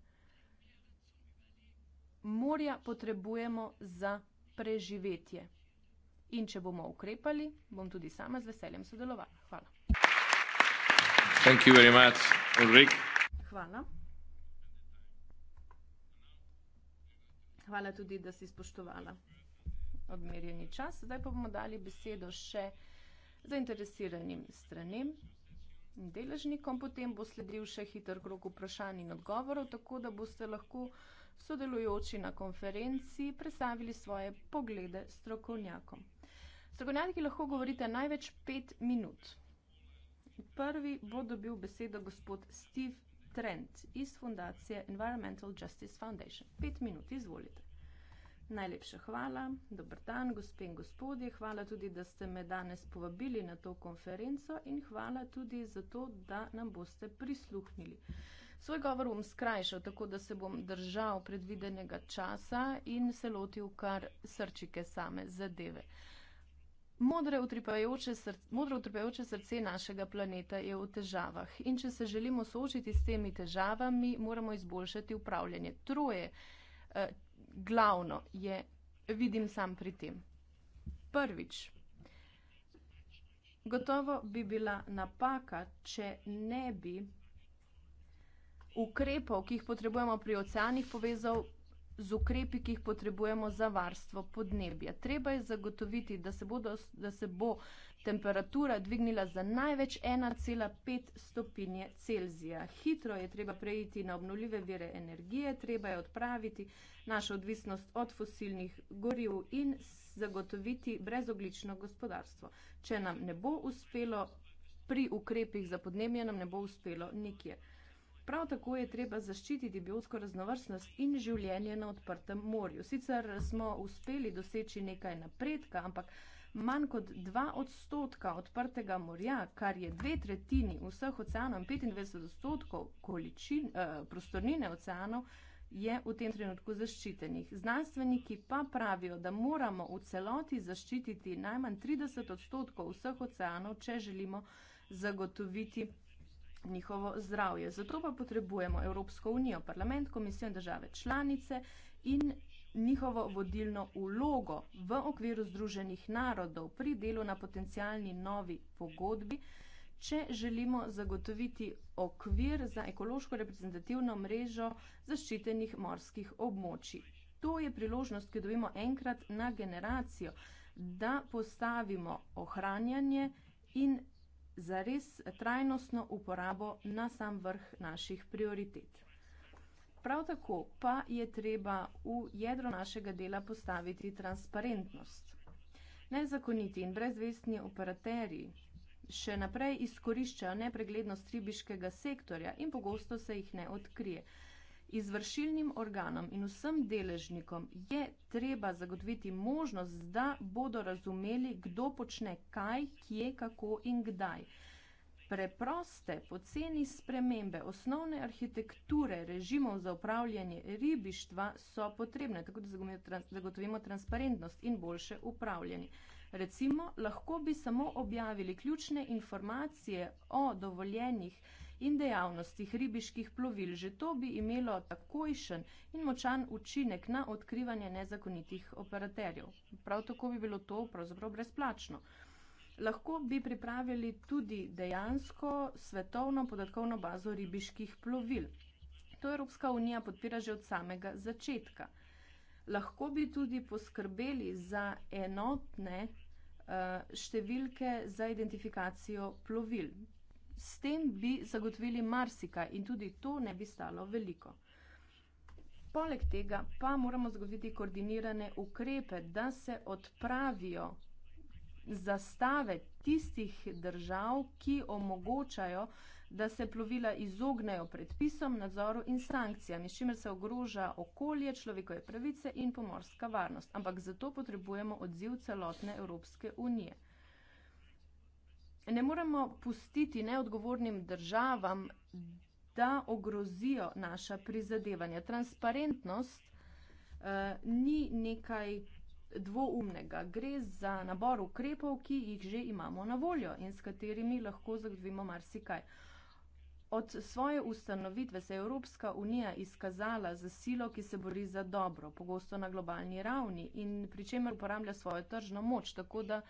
Morja potrebujemo za preživetje. In če bomo ukrepali, bom tudi sama z veseljem sodelovala. Hvala. Hvala. Hvala tudi, da si spoštovala odmerjeni čas. Zdaj pa bomo dali besedo še zainteresiranim stranem in deležnikom. Potem bo sledil še hiter krok vprašanj in odgovorov, tako da boste lahko sodelujoči na konferenci predstavili svoje poglede strokovnjakom. Strokovnjaki lahko govorite največ pet minut. Prvi bo dobil besedo gospod Steve Trent iz fundacije Environmental Justice Foundation. Pet minut, izvolite. Najlepša hvala. Dober dan, gospe in gospodje. Hvala tudi, da ste me danes povabili na to konferenco in hvala tudi za to, da nam boste prisluhnili. Svoj govor bom skrajšal, tako da se bom držal predvidenega časa in se lotil kar srčike same zadeve. Modre utripajoče, srce, modre utripajoče srce našega planeta je v težavah in če se želimo soočiti s temi težavami, moramo izboljšati upravljanje. Troje, eh, glavno je, vidim sam pri tem. Prvič, gotovo bi bila napaka, če ne bi ukrepov, ki jih potrebujemo pri oceanih, povezal z ukrepi, ki jih potrebujemo za varstvo podnebja. Treba je zagotoviti, da se, bodo, da se bo temperatura dvignila za največ ena cela pet stopinje Celzija. Hitro je treba preiti na obnovljive vire energije, treba je odpraviti našo odvisnost od fosilnih goriv in zagotoviti brezoglično gospodarstvo. Če nam ne bo uspelo pri ukrepih za podnebje, nam ne bo uspelo nikjer. Prav tako je treba zaščititi biotsko raznovrstnost in življenje na odprtem morju. Sicer smo uspeli doseči nekaj napredka, ampak manj kot 2 odstotka odprtega morja, kar je dve tretjini vseh oceanov in 25 odstotkov količin, eh, prostornine oceanov, je v tem trenutku zaščitenih. Znanstveniki pa pravijo, da moramo v celoti zaščititi najmanj 30 odstotkov vseh oceanov, če želimo zagotoviti njihovo zdravje. Zato pa potrebujemo Evropsko unijo, parlament, komisijo in države članice in njihovo vodilno ulogo v okviru Združenih narodov pri delu na potencijalni novi pogodbi, če želimo zagotoviti okvir za ekološko reprezentativno mrežo zaščitenih morskih območij. To je priložnost, ki jo dobimo enkrat na generacijo, da postavimo ohranjanje in zares trajnostno uporabo na sam vrh naših prioritet. Prav tako pa je treba v jedro našega dela postaviti transparentnost. Nezakoniti in brezvestni operaterji še naprej izkoriščajo nepreglednost ribiškega sektorja in pogosto se jih ne odkrije. Izvršilnim organom in vsem deležnikom je treba zagotoviti možnost, da bodo razumeli, kdo počne kaj, kje, kako in kdaj preproste, poceni spremembe osnovne arhitekture režimov za upravljanje ribištva so potrebne, tako da zagotovimo transparentnost in boljše upravljanje. Recimo, lahko bi samo objavili ključne informacije o dovoljenih in dejavnostih ribiških plovil. Že to bi imelo takojšen in močan učinek na odkrivanje nezakonitih operaterjev. Prav tako bi bilo to pravzaprav brezplačno lahko bi pripravili tudi dejansko svetovno podatkovno bazo ribiških plovil. To Evropska unija podpira že od samega začetka. Lahko bi tudi poskrbeli za enotne eh, številke za identifikacijo plovil. S tem bi zagotovili marsikaj in tudi to ne bi stalo veliko. Poleg tega pa moramo zagotoviti koordinirane ukrepe, da se odpravijo zastave tistih držav, ki omogočajo, da se plovila izognejo predpisom, nadzoru in sankcijami, s čimer se ogroža okolje, človekove pravice in pomorska varnost. Ampak zato potrebujemo odziv celotne Evropske unije. Ne moremo pustiti neodgovornim državam, da ogrozijo naša prizadevanja. Transparentnost eh, ni nekaj, dvoumnega. Gre za nabor ukrepov, ki jih že imamo na voljo in s katerimi lahko zagotovimo marsikaj. Od svoje ustanovitve se je Evropska unija izkazala za silo, ki se bori za dobro, pogosto na globalni ravni in pri čemer uporablja svojo tržno moč, tako da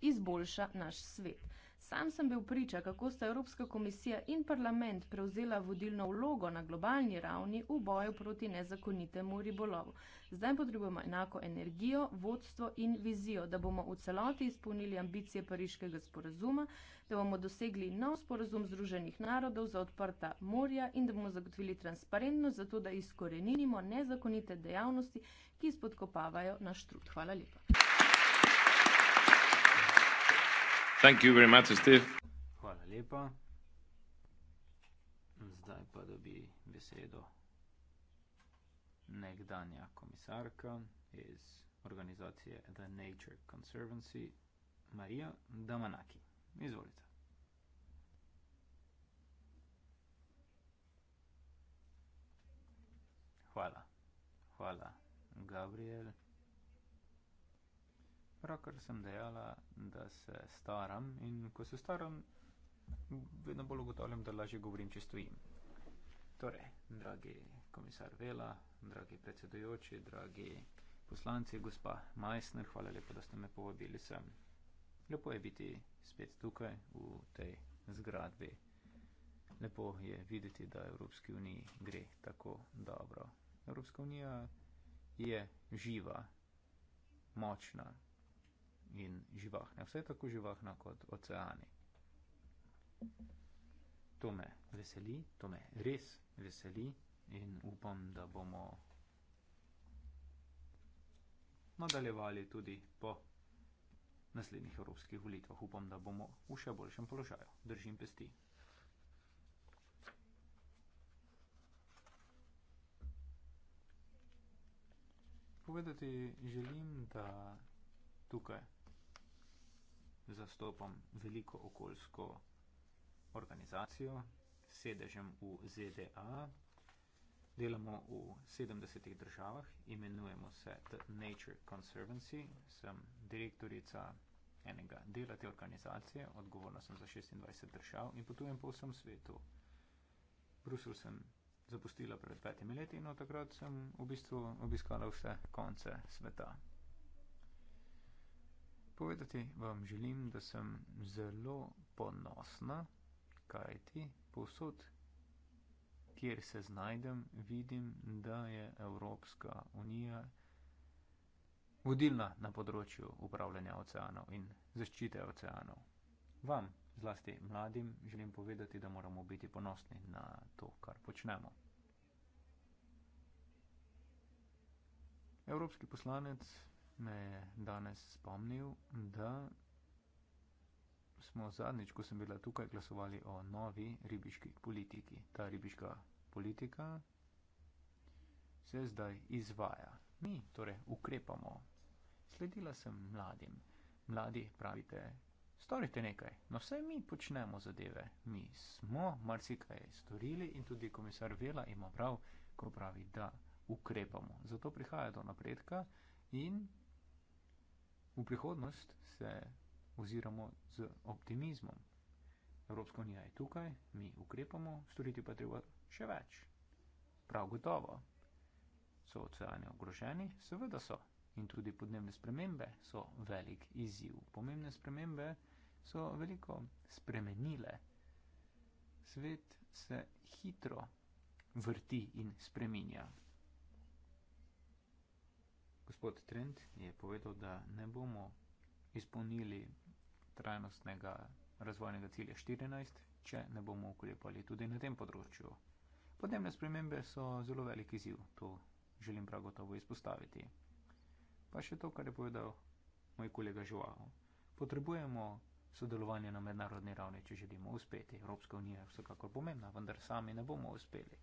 izboljša naš svet. Sam sem bil priča, kako sta Evropska komisija in parlament prevzela vodilno vlogo na globalni ravni v boju proti nezakonitemu ribolovu. Zdaj potrebujemo enako energijo, vodstvo in vizijo, da bomo v celoti izpolnili ambicije pariškega sporazuma, da bomo dosegli nov sporazum Združenih narodov za odprta morja in da bomo zagotovili transparentnost za to, da izkoreninimo nezakonite dejavnosti, ki spodkopavajo naš trud. Hvala lepa. Thank you very much, Steve. Hvala lepa. Zdaj pa dobi besedo nekdanja komisarka iz organizacije The Nature Conservancy, Marija Damanaki. Izvolite. Hvala. Hvala, Gabriel pravkar sem dejala, da se staram in ko se staram, vedno bolj ugotavljam, da lažje govorim, če stojim. Torej, dragi komisar Vela, dragi predsedujoči, dragi poslanci, gospa Majsner, hvala lepo, da ste me povabili sem. Lepo je biti spet tukaj v tej zgradbi. Lepo je videti, da Evropski uniji gre tako dobro. Evropska unija je živa, močna, in živahne, vse tako živahna kot oceani. To me veseli, to me res veseli in upam, da bomo nadaljevali tudi po naslednjih evropskih volitvah. Upam, da bomo v še boljšem položaju. Držim pesti. Povedati želim, da tukaj zastopam veliko okoljsko organizacijo s sedežem v ZDA. Delamo v 70 državah, imenujemo se The Nature Conservancy, sem direktorica enega dela te organizacije, odgovorna sem za 26 držav in potujem po vsem svetu. Brusel sem zapustila pred petimi leti in od takrat sem v bistvu obiskala vse konce sveta povedati, vam želim, da sem zelo ponosna, kajti povsod, kjer se znajdem, vidim, da je Evropska unija vodilna na področju upravljanja oceanov in zaščite oceanov. Vam, zlasti mladim, želim povedati, da moramo biti ponosni na to, kar počnemo. Evropski poslanec me je danes spomnil, da smo zadnjič, ko sem bila tukaj, glasovali o novi ribiški politiki. Ta ribiška politika se zdaj izvaja. Mi torej ukrepamo. Sledila sem mladim. Mladi pravite, storite nekaj. No vse mi počnemo zadeve. Mi smo marsikaj storili in tudi komisar Vela ima prav, ko pravi, da ukrepamo. Zato prihaja do napredka in V prihodnost se oziramo z optimizmom. Evropska unija je tukaj, mi ukrepamo, storiti pa treba še več. Prav gotovo. So oceani ogroženi? Seveda so. In tudi podnebne spremembe so velik izziv. Pomembne spremembe so veliko spremenile. Svet se hitro vrti in spreminja gospod Trent je povedal, da ne bomo izpolnili trajnostnega razvojnega cilja 14, če ne bomo ukrepali tudi na tem področju. Podnebne spremembe so zelo velik izziv, to želim prav gotovo izpostaviti. Pa še to, kar je povedal moj kolega Žuao. Potrebujemo sodelovanje na mednarodni ravni, če želimo uspeti. Evropska unija je vsekakor pomembna, vendar sami ne bomo uspeli.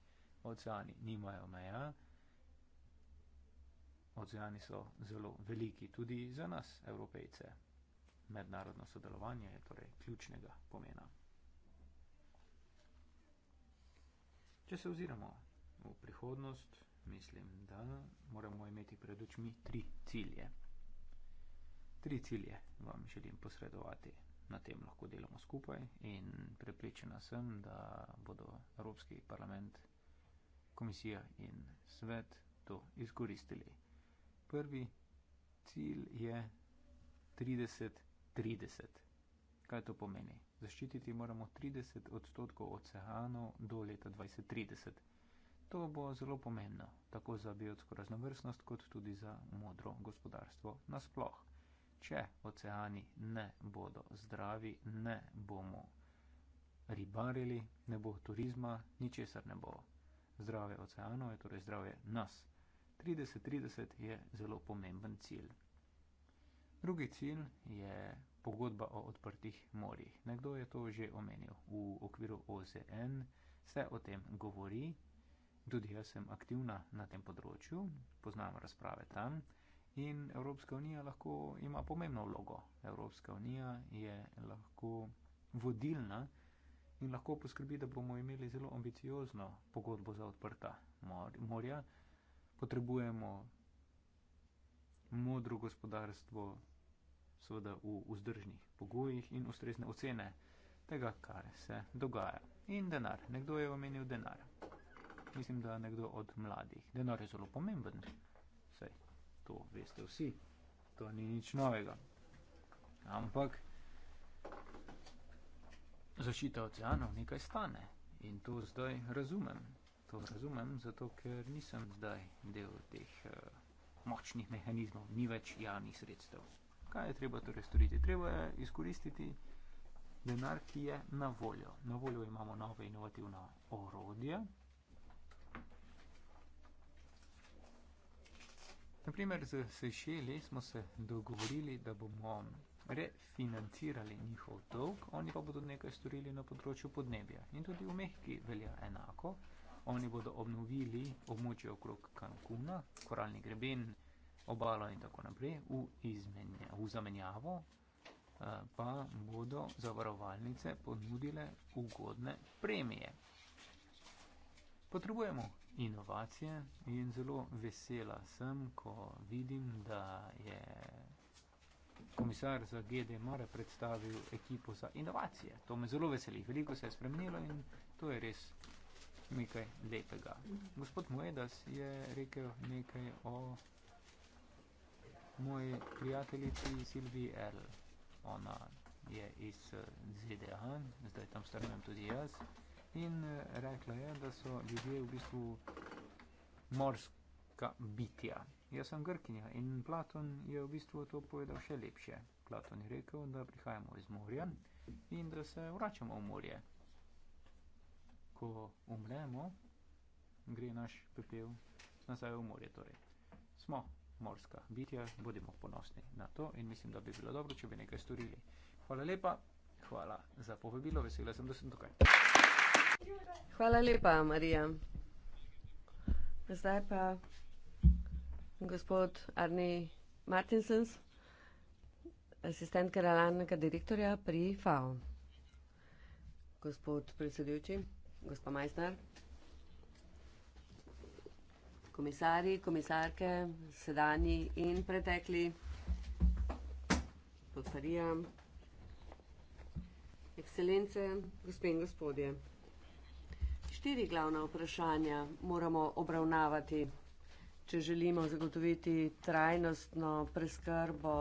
Oceani nimajo meja. Ja? oceani so zelo veliki, tudi za nas, evropejce. Mednarodno sodelovanje je torej ključnega pomena. Če se oziramo v prihodnost, mislim, da moramo imeti pred očmi tri cilje. Tri cilje vam želim posredovati. Na tem lahko delamo skupaj in prepričana sem, da bodo Evropski parlament, komisija in svet to izkoristili prvi cilj je 30-30. Kaj to pomeni? Zaščititi moramo 30 odstotkov oceanov do leta 2030. To bo zelo pomembno, tako za biotsko raznovrstnost, kot tudi za modro gospodarstvo nasploh. Če oceani ne bodo zdravi, ne bomo ribarili, ne bo turizma, ničesar ne bo. Zdrave oceanov je torej zdravje nas, 30-30 je zelo pomemben cilj. Drugi cilj je pogodba o odprtih morjih. Nekdo je to že omenil v okviru OZN, se o tem govori, tudi jaz sem aktivna na tem področju, poznam razprave tam in Evropska unija lahko ima pomembno vlogo. Evropska unija je lahko vodilna in lahko poskrbi, da bomo imeli zelo ambiciozno pogodbo za odprta morja potrebujemo modro gospodarstvo, seveda v vzdržnih pogojih in ustrezne ocene tega, kar se dogaja. In denar. Nekdo je omenil denar. Mislim, da nekdo od mladih. Denar je zelo pomemben. Vse to veste vsi. To ni nič novega. Ampak zašita oceanov nekaj stane. In to zdaj razumem to razumem, zato ker nisem zdaj del teh uh, močnih mehanizmov, ni več javnih sredstev. Kaj je treba torej storiti? Treba je izkoristiti denar, ki je na voljo. Na voljo imamo nove inovativne orodje. Naprimer, z Sešeli smo se dogovorili, da bomo refinancirali njihov dolg, oni pa bodo nekaj storili na področju podnebja. In tudi v Mehki velja enako. Oni bodo obnovili območje okrog Cancuna, koralni greben, obalo in tako naprej, v, izmenja, v zamenjavo eh, pa bodo zavarovalnice ponudile ugodne premije. Potrebujemo inovacije in zelo vesela sem, ko vidim, da je komisar za GD Mare predstavil ekipo za inovacije. To me zelo veseli. Veliko se je spremenilo in to je res nekaj lepega. Gospod Moedas je rekel nekaj o moji prijateljici Silviji L. Ona je iz ZDH, zdaj tam stanujem tudi jaz. In rekla je, da so ljudje v bistvu morska bitja. Jaz sem Grkinja in Platon je v bistvu to povedal še lepše. Platon je rekel, da prihajamo iz morja in da se vračamo v morje ko umremo, gre naš pepel nazaj v morje. Torej. Smo morska bitja, bodimo ponosni na to in mislim, da bi bilo dobro, če bi nekaj storili. Hvala lepa, hvala za povabilo, vesela sem, da sem tukaj. Hvala lepa, Marija. Zdaj pa gospod Arni Martinsens, asistent generalnega direktorja pri FAO. Gospod predsedujoči gospa Majstar. Komisari, komisarke, sedani in pretekli, podparija, ekscelence, gospe in gospodje. Štiri glavna vprašanja moramo obravnavati, če želimo zagotoviti trajnostno preskrbo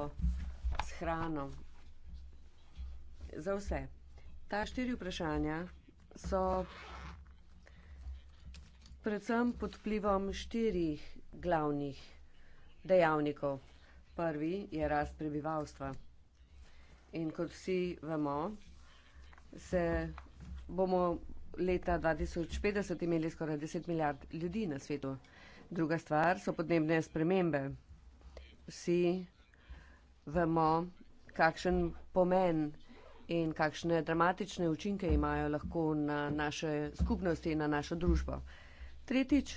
s hrano. Za vse. Ta štiri vprašanja so predvsem pod vplivom štirih glavnih dejavnikov. Prvi je rast prebivalstva. In kot vsi vemo, se bomo leta 2050 imeli skoraj 10 milijard ljudi na svetu. Druga stvar so podnebne spremembe. Vsi vemo, kakšen pomen in kakšne dramatične učinke imajo lahko na naše skupnosti in na našo družbo. Tretjič,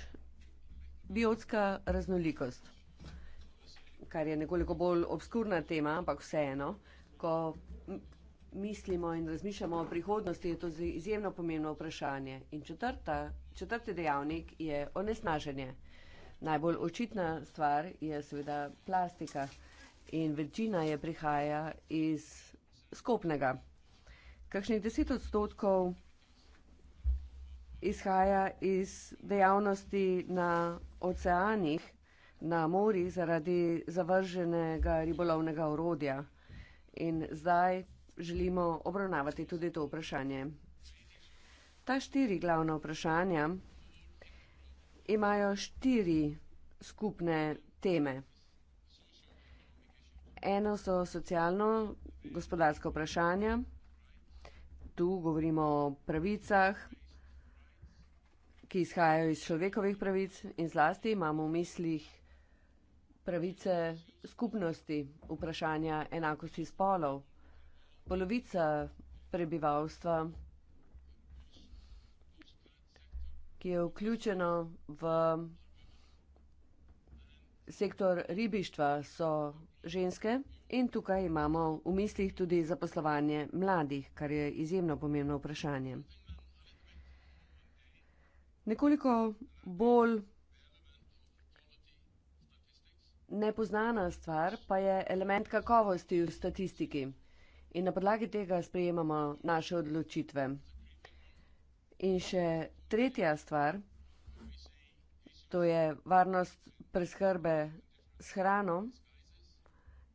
biotska raznolikost, kar je nekoliko bolj obskurna tema, ampak vseeno, ko mislimo in razmišljamo o prihodnosti, je to izjemno pomembno vprašanje. In četrta, četrti dejavnik je onesnaženje. Najbolj očitna stvar je seveda plastika in večina je prihaja iz skupnega. Kakšnih 10 odstotkov izhaja iz dejavnosti na oceanih, na mori, zaradi zavrženega ribolovnega orodja. In zdaj želimo obravnavati tudi to vprašanje. Ta štiri glavna vprašanja imajo štiri skupne teme. Eno so socialno-gospodarska vprašanja. Tu govorimo o pravicah, ki izhajajo iz človekovih pravic in zlasti imamo v mislih pravice skupnosti, vprašanja enakosti spolov. Polovica prebivalstva, ki je vključeno v sektor ribištva, so ženske in tukaj imamo v mislih tudi zaposlovanje mladih, kar je izjemno pomembno vprašanje. Nekoliko bolj nepoznana stvar pa je element kakovosti v statistiki in na podlagi tega sprejemamo naše odločitve. In še tretja stvar, to je varnost preskrbe s hrano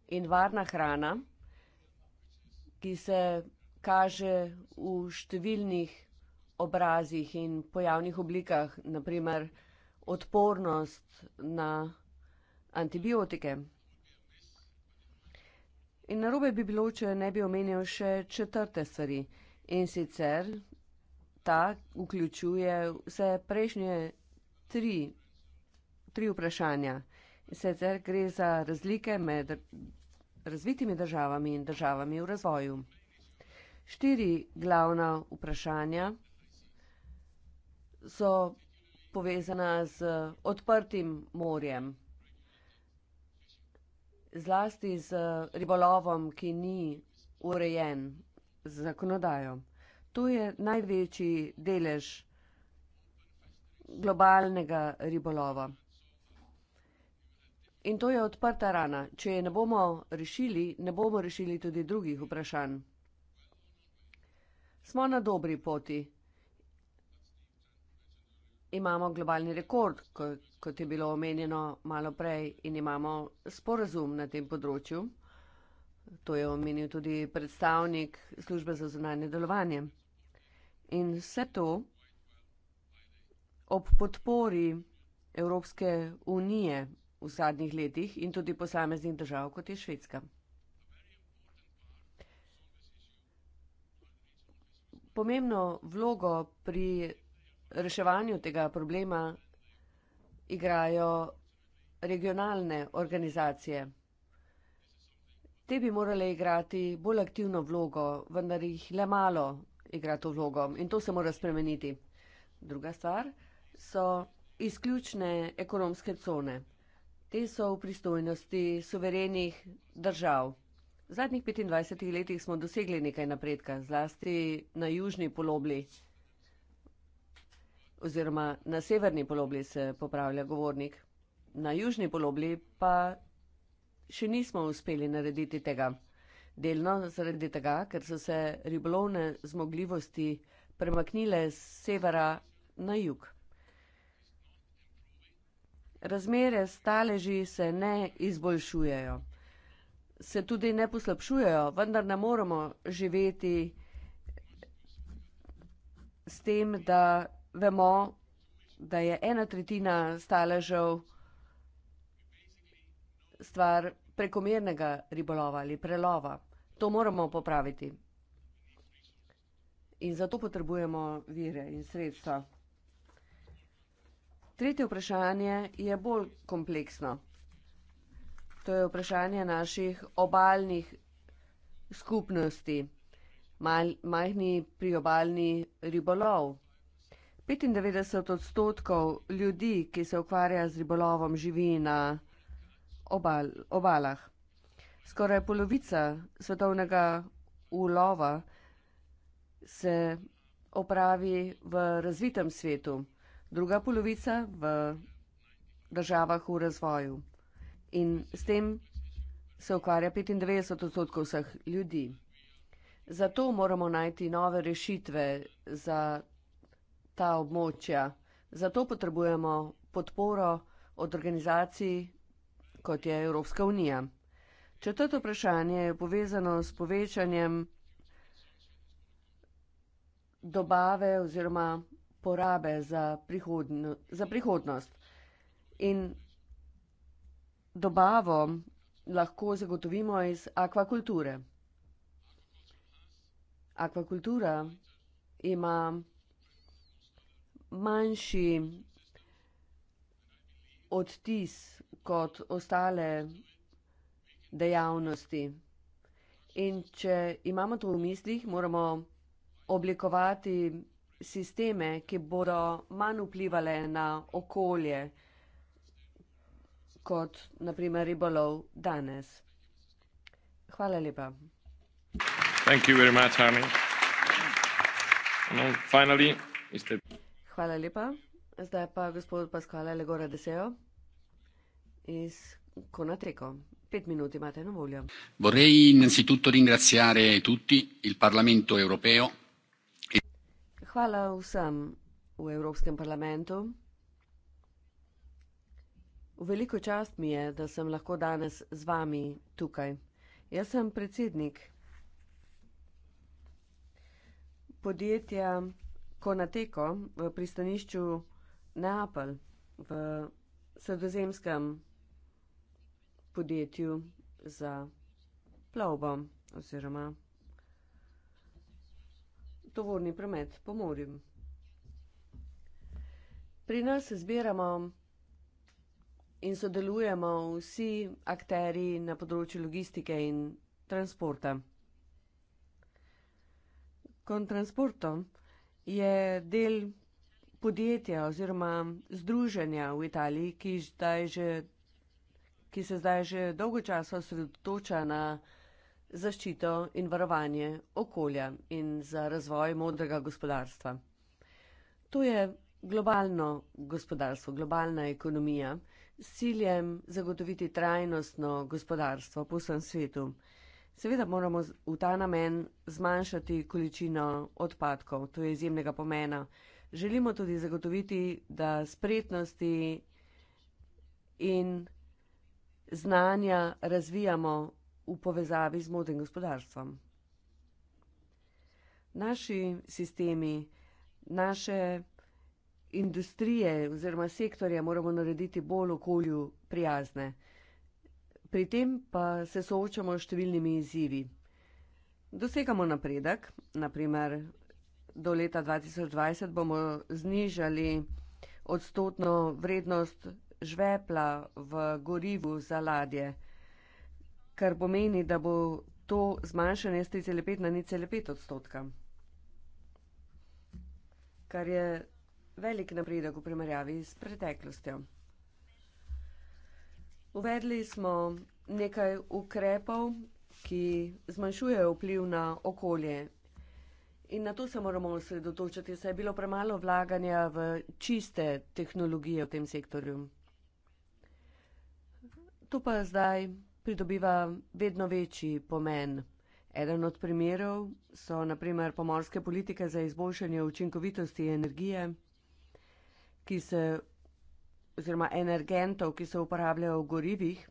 in varna hrana, ki se kaže v številnih obrazih in pojavnih oblikah, naprimer odpornost na antibiotike. In narobe bi bilo, če ne bi omenil še četrte stvari. In sicer ta vključuje vse prejšnje tri, tri vprašanja sicer gre za razlike med razvitimi državami in državami v razvoju. Štiri glavna vprašanja so povezana z odprtim morjem, zlasti z ribolovom, ki ni urejen z zakonodajo. To je največji delež globalnega ribolova. In to je odprta rana. Če je ne bomo rešili, ne bomo rešili tudi drugih vprašanj. Smo na dobri poti. Imamo globalni rekord, kot je bilo omenjeno malo prej, in imamo sporazum na tem področju. To je omenil tudi predstavnik službe za zunanje delovanje. In vse to ob podpori Evropske unije v zadnjih letih in tudi posameznih držav, kot je Švedska. Pomembno vlogo pri reševanju tega problema igrajo regionalne organizacije. Te bi morale igrati bolj aktivno vlogo, vendar jih le malo igra to vlogo in to se mora spremeniti. Druga stvar so izključne ekonomske cone. Te so v pristojnosti suverenih držav. V zadnjih 25 letih smo dosegli nekaj napredka, zlasti na južni polobli oziroma na severni polobli se popravlja govornik. Na južni polobli pa še nismo uspeli narediti tega. Delno zaradi tega, ker so se ribolovne zmogljivosti premaknile z severa na jug razmere staleži se ne izboljšujejo. Se tudi ne poslabšujejo, vendar ne moremo živeti s tem, da vemo, da je ena tretjina staležev stvar prekomernega ribolova ali prelova. To moramo popraviti. In zato potrebujemo vire in sredstva. Tretje vprašanje je bolj kompleksno. To je vprašanje naših obaljnih skupnosti, Mal, majhni priobaljni ribolov. 95 odstotkov ljudi, ki se ukvarja z ribolovom, živi na obal, obalah. Skoraj polovica svetovnega ulova se opravi v razvitem svetu druga polovica v državah v razvoju. In s tem se ukvarja 95 odstotkov vseh ljudi. Zato moramo najti nove rešitve za ta območja. Zato potrebujemo podporo od organizacij, kot je Evropska unija. Četrto vprašanje je povezano s povečanjem dobave oziroma porabe za, prihodno, za prihodnost. In dobavo lahko zagotovimo iz akvakulture. Akvakultura ima manjši odtis kot ostale dejavnosti. In če imamo to v mislih, moramo oblikovati sisteme, ki bodo manj vplivali na okolje, kot naprimer ribolov danes. Hvala lepa. Much, finally, the... Hvala lepa. Zdaj pa gospod Paskale Legora Deseo iz Konatreko. Vorrei innanzitutto ringraziare tutti il Parlamento europeo. Hvala vsem v Evropskem parlamentu. Veliko čast mi je, da sem lahko danes z vami tukaj. Jaz sem predsednik podjetja Konateko v pristanišču Neapel v sredozemskem podjetju za plovbo oziroma tovorni promet po morju. Pri nas se zbiramo in sodelujemo vsi akteri na področju logistike in transporta. Kon transporto je del podjetja oziroma združenja v Italiji, ki, že, ki se zdaj že dolgo časa osredotoča na zaščito in varovanje okolja in za razvoj modrega gospodarstva. To je globalno gospodarstvo, globalna ekonomija s ciljem zagotoviti trajnostno gospodarstvo po vsem svetu. Seveda moramo v ta namen zmanjšati količino odpadkov, to je izjemnega pomena. Želimo tudi zagotoviti, da spretnosti in znanja razvijamo v povezavi z modrim gospodarstvom. Naši sistemi, naše industrije oziroma sektorje moramo narediti bolj okolju prijazne. Pri tem pa se soočamo s številnimi izzivi. Dosegamo napredek, naprimer do leta 2020 bomo znižali odstotno vrednost žvepla v gorivu za ladje kar pomeni, da bo to zmanjšanje z 3,5 na 0,5 odstotka, kar je velik napredek v primerjavi s preteklostjo. Uvedli smo nekaj ukrepov, ki zmanjšujejo vpliv na okolje. In na to se moramo osredotočiti, saj je bilo premalo vlaganja v čiste tehnologije v tem sektorju. To pa zdaj pridobiva vedno večji pomen. Eden od primerov so naprimer pomorske politike za izboljšanje učinkovitosti energije, ki se oziroma energentov, ki se uporabljajo v gorivih,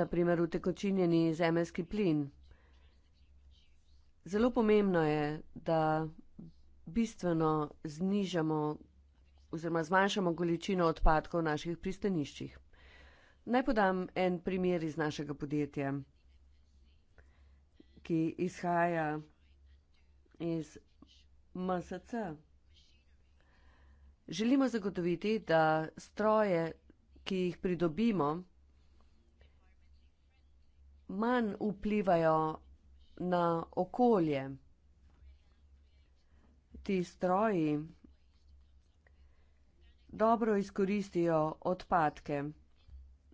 naprimer v tekočinjeni zemeljski plin. Zelo pomembno je, da bistveno znižamo oziroma zmanjšamo količino odpadkov v naših pristaniščih. Naj podam en primer iz našega podjetja, ki izhaja iz MSC. Želimo zagotoviti, da stroje, ki jih pridobimo, manj vplivajo na okolje. Ti stroji dobro izkoristijo odpadke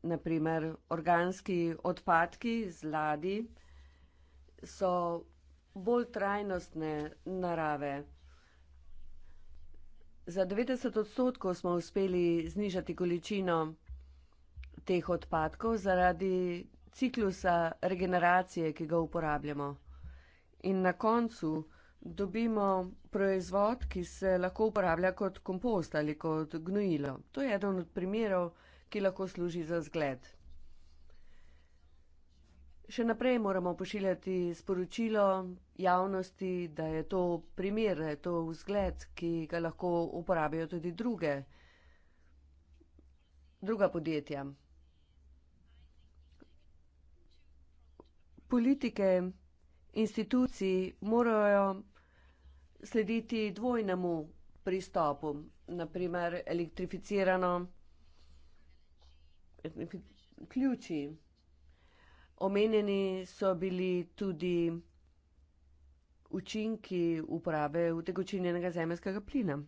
naprimer organski odpadki z ladi, so bolj trajnostne narave. Za 90 odstotkov smo uspeli znižati količino teh odpadkov zaradi ciklusa regeneracije, ki ga uporabljamo. In na koncu dobimo proizvod, ki se lahko uporablja kot kompost ali kot gnojilo. To je eden od primerov, ki lahko služi za zgled. Še naprej moramo pošiljati sporočilo javnosti, da je to primer, da je to vzgled, ki ga lahko uporabijo tudi druge, druga podjetja. Politike, instituciji morajo slediti dvojnemu pristopu, naprimer elektrificirano ključi. Omenjeni so bili tudi učinki uporabe utekočinjenega zemeljskega plina.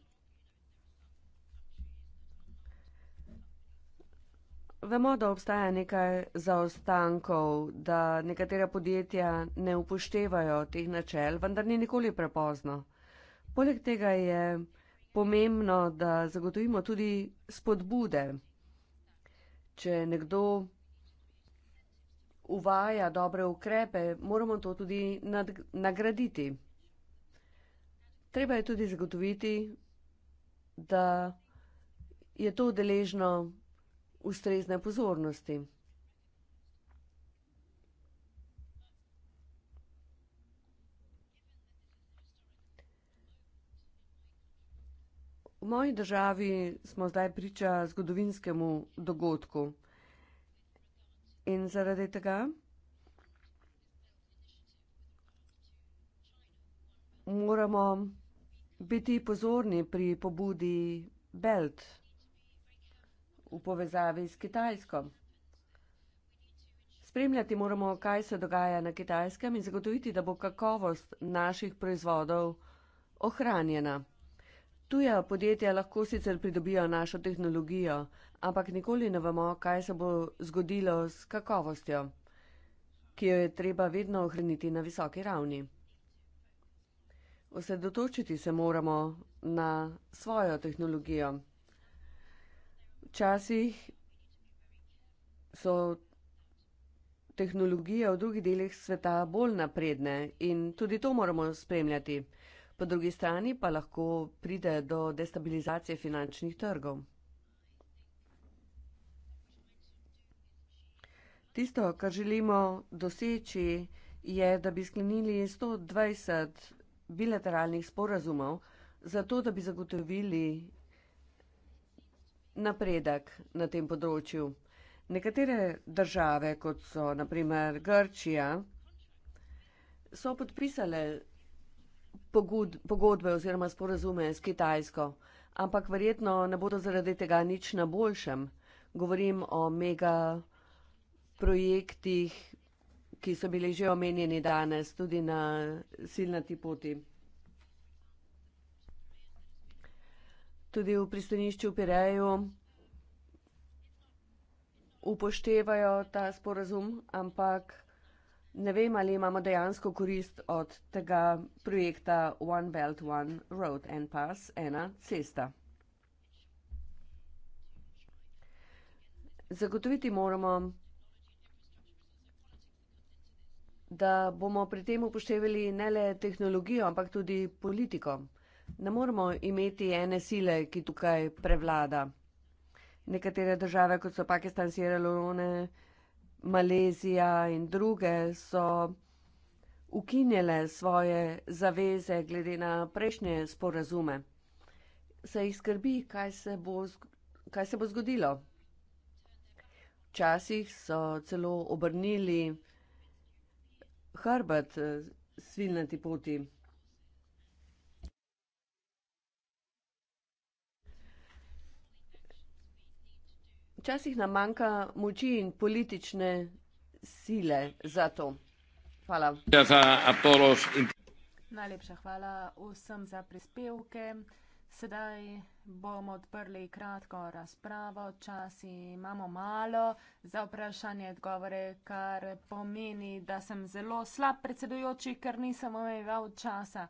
Vemo, da obstaja nekaj zaostankov, da nekatera podjetja ne upoštevajo teh načel, vendar ni nikoli prepozno. Poleg tega je pomembno, da zagotovimo tudi spodbude če nekdo uvaja dobre ukrepe, moramo to tudi nad, nagraditi. Treba je tudi zagotoviti, da je to deležno ustrezne pozornosti. V moji državi smo zdaj priča zgodovinskemu dogodku. In zaradi tega moramo biti pozorni pri pobudi Belt v povezavi s Kitajsko. Spremljati moramo, kaj se dogaja na Kitajskem in zagotoviti, da bo kakovost naših proizvodov ohranjena. Tuja podjetja lahko sicer pridobijo našo tehnologijo, ampak nikoli ne vemo, kaj se bo zgodilo s kakovostjo, ki jo je treba vedno ohraniti na visoki ravni. Osredotočiti se moramo na svojo tehnologijo. Včasih so tehnologije v drugih delih sveta bolj napredne in tudi to moramo spremljati po drugi strani pa lahko pride do destabilizacije finančnih trgov. Tisto, kar želimo doseči, je, da bi sklenili 120 bilateralnih sporazumov, zato da bi zagotovili napredek na tem področju. Nekatere države, kot so naprimer Grčija, so podpisale pogud, pogodbe oziroma sporazume s Kitajsko, ampak verjetno ne bodo zaradi tega nič na boljšem. Govorim o mega projektih, ki so bili že omenjeni danes, tudi na silnati poti. Tudi v pristanišču Pireju upoštevajo ta sporazum, ampak ne vem, ali imamo dejansko korist od tega projekta One Belt, One Road, en pas, ena cesta. Zagotoviti moramo, da bomo pri tem upoštevali ne le tehnologijo, ampak tudi politiko. Ne moramo imeti ene sile, ki tukaj prevlada. Nekatere države, kot so Pakistan, Sierra Leone, Malezija in druge so ukinjale svoje zaveze glede na prejšnje sporazume. Se jih skrbi, kaj se bo, kaj se bo zgodilo. Včasih so celo obrnili hrbet eh, svilnati poti. včasih nam manjka moči in politične sile za to. Hvala. Najlepša hvala vsem za prispevke. Sedaj bomo odprli kratko razpravo, čas imamo malo za vprašanje odgovore, kar pomeni, da sem zelo slab predsedujoči, ker nisem omejeval časa.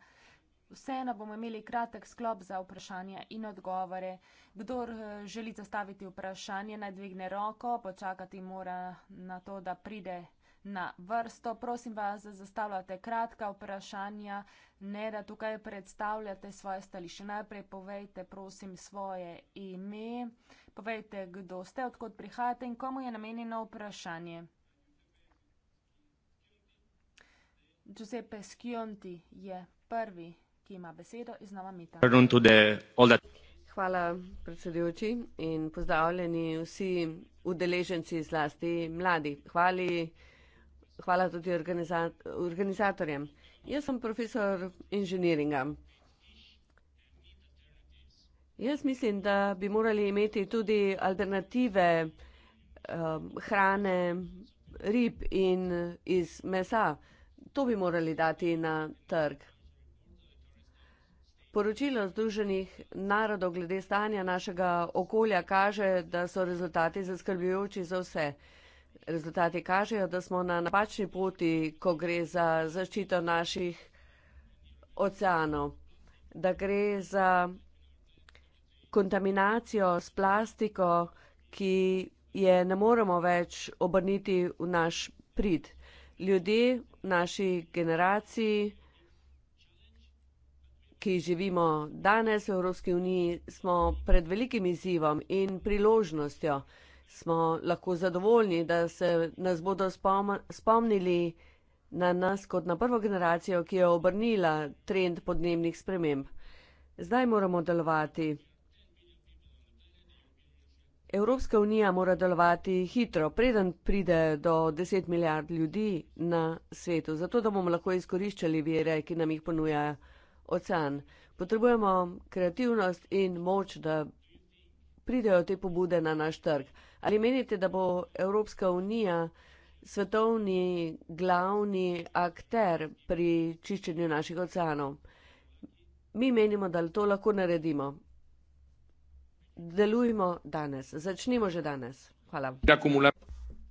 Vseeno bomo imeli kratek sklop za vprašanje in odgovore. Kdor eh, želi zastaviti vprašanje, naj dvigne roko, počakati mora na to, da pride na vrsto. Prosim vas, zastavljate kratka vprašanja, ne da tukaj predstavljate svoje stališče. Najprej povejte, prosim, svoje ime, povejte, kdo ste, odkot prihajate in komu je namenjeno vprašanje. Giuseppe Schionti je prvi. Hvala, predsedujoči, in pozdravljeni vsi udeleženci, zlasti mladi. Hvali, hvala tudi organiza, organizatorjem. Jaz sem profesor inženiringa. Jaz mislim, da bi morali imeti tudi alternative um, hrane, rib in iz mesa. To bi morali dati na trg. Poročilo Združenih narodov glede stanja našega okolja kaže, da so rezultati zaskrbljujoči za vse. Rezultati kažejo, da smo na napačni poti, ko gre za zaščito naših oceanov, da gre za kontaminacijo s plastiko, ki je ne moremo več obrniti v naš prid. Ljudje, naši generaciji, ki živimo danes v Evropski uniji, smo pred velikim izzivom in priložnostjo. Smo lahko zadovoljni, da se nas bodo spomnili na nas kot na prvo generacijo, ki je obrnila trend podnebnih sprememb. Zdaj moramo delovati. Evropska unija mora delovati hitro, preden pride do 10 milijard ljudi na svetu, zato da bomo lahko izkoriščali vire, ki nam jih ponujajo ocean. Potrebujemo kreativnost in moč, da pridejo te pobude na naš trg. Ali menite, da bo Evropska unija svetovni glavni akter pri čiščenju naših oceanov? Mi menimo, da to lahko naredimo. Delujmo danes, začnimo že danes. Hvala.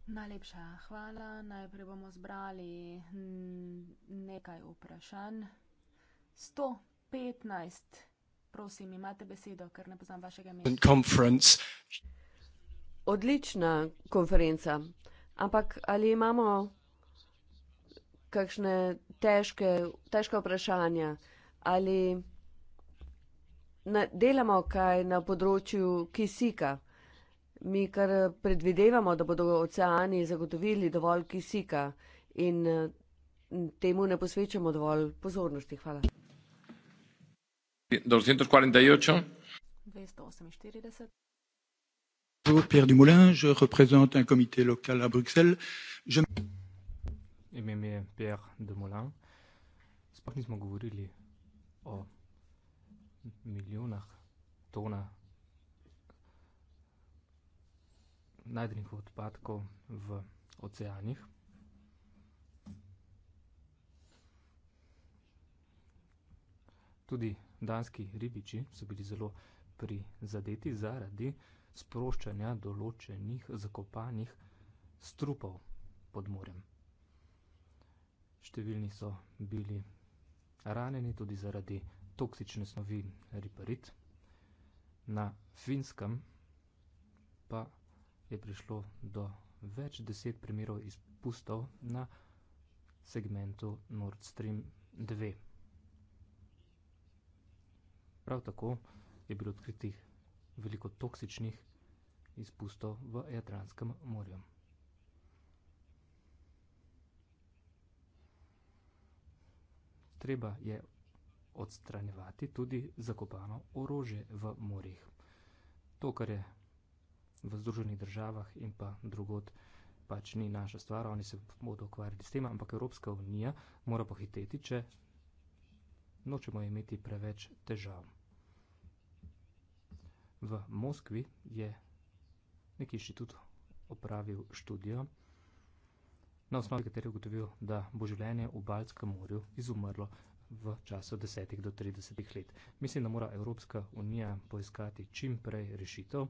Najlepša hvala. Najprej bomo zbrali nekaj vprašanj. 115, prosim, imate besedo, ker ne poznam vašega imena. Odlična konferenca, ampak ali imamo kakšne težke, težke vprašanja ali na, delamo kaj na področju kisika? Mi kar predvidevamo, da bodo oceani zagotovili dovolj kisika in temu ne posvečamo dovolj pozornosti. Hvala. 248. Bonjour, Pierre Dumoulin, je représente un comité local à Bruxelles. Je... Имеме Пер Демолан. Спак не сме говорили о милионах тона найдених отпадко в океаних. Туди danski ribiči so bili zelo prizadeti zaradi sproščanja določenih zakopanih strupov pod morem. Številni so bili ranjeni tudi zaradi toksične snovi riparit. Na finskem pa je prišlo do več deset primerov izpustov na segmentu Nord Stream 2. Prav tako je bilo odkritih veliko toksičnih izpustov v Jadranskem morju. Treba je odstranjevati tudi zakopano orože v morjih. To, kar je v Združenih državah in pa drugod, pač ni naša stvar, oni se bodo ukvarjali s tem, ampak Evropska unija mora pohiteti, če nočemo imeti preveč težav v Moskvi je neki inštitut opravil študijo, na osnovi katerega ugotovil, da bo življenje v Baltskem morju izumrlo v času 10 do 30 let. Mislim, da mora Evropska unija poiskati čim prej rešitev.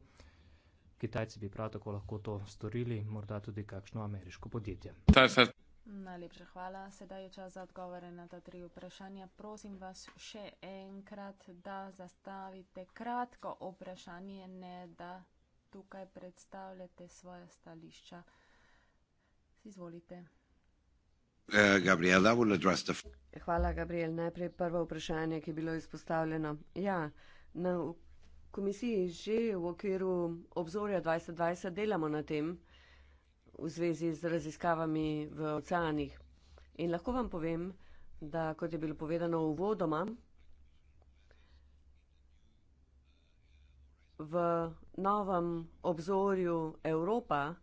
Kitajci bi prav tako lahko to storili, morda tudi kakšno ameriško podjetje. Ta, ta. Najlepša hvala. Sedaj je čas za odgovore na ta tri vprašanja. Prosim vas še enkrat, da zastavite kratko vprašanje, ne da tukaj predstavljate svoje stališča. Izvolite. Eh, hvala, Gabriel. Najprej prvo vprašanje, ki je bilo izpostavljeno. Ja, na komisiji že v okviru obzorja 2020 delamo na tem v zvezi z raziskavami v oceanih. In lahko vam povem, da kot je bilo povedano v vodoma, v novem obzorju Evropa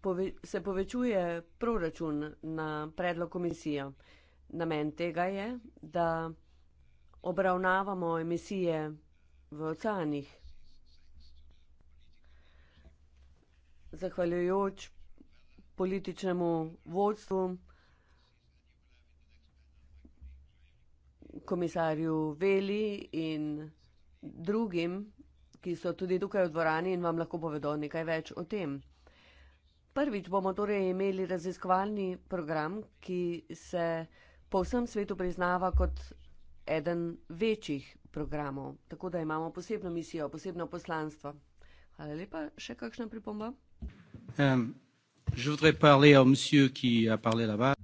pove, se povečuje proračun na predlog komisije. Namen tega je, da obravnavamo emisije v oceanih. zahvaljujoč političnemu vodstvu, komisarju Veli in drugim, ki so tudi tukaj v dvorani in vam lahko povedo nekaj več o tem. Prvič bomo torej imeli raziskovalni program, ki se po vsem svetu priznava kot eden večjih programov, tako da imamo posebno misijo, posebno poslanstvo. Hvala lepa, še kakšna pripomba? Euh, je voudrais parler au monsieur qui a parlé là-bas.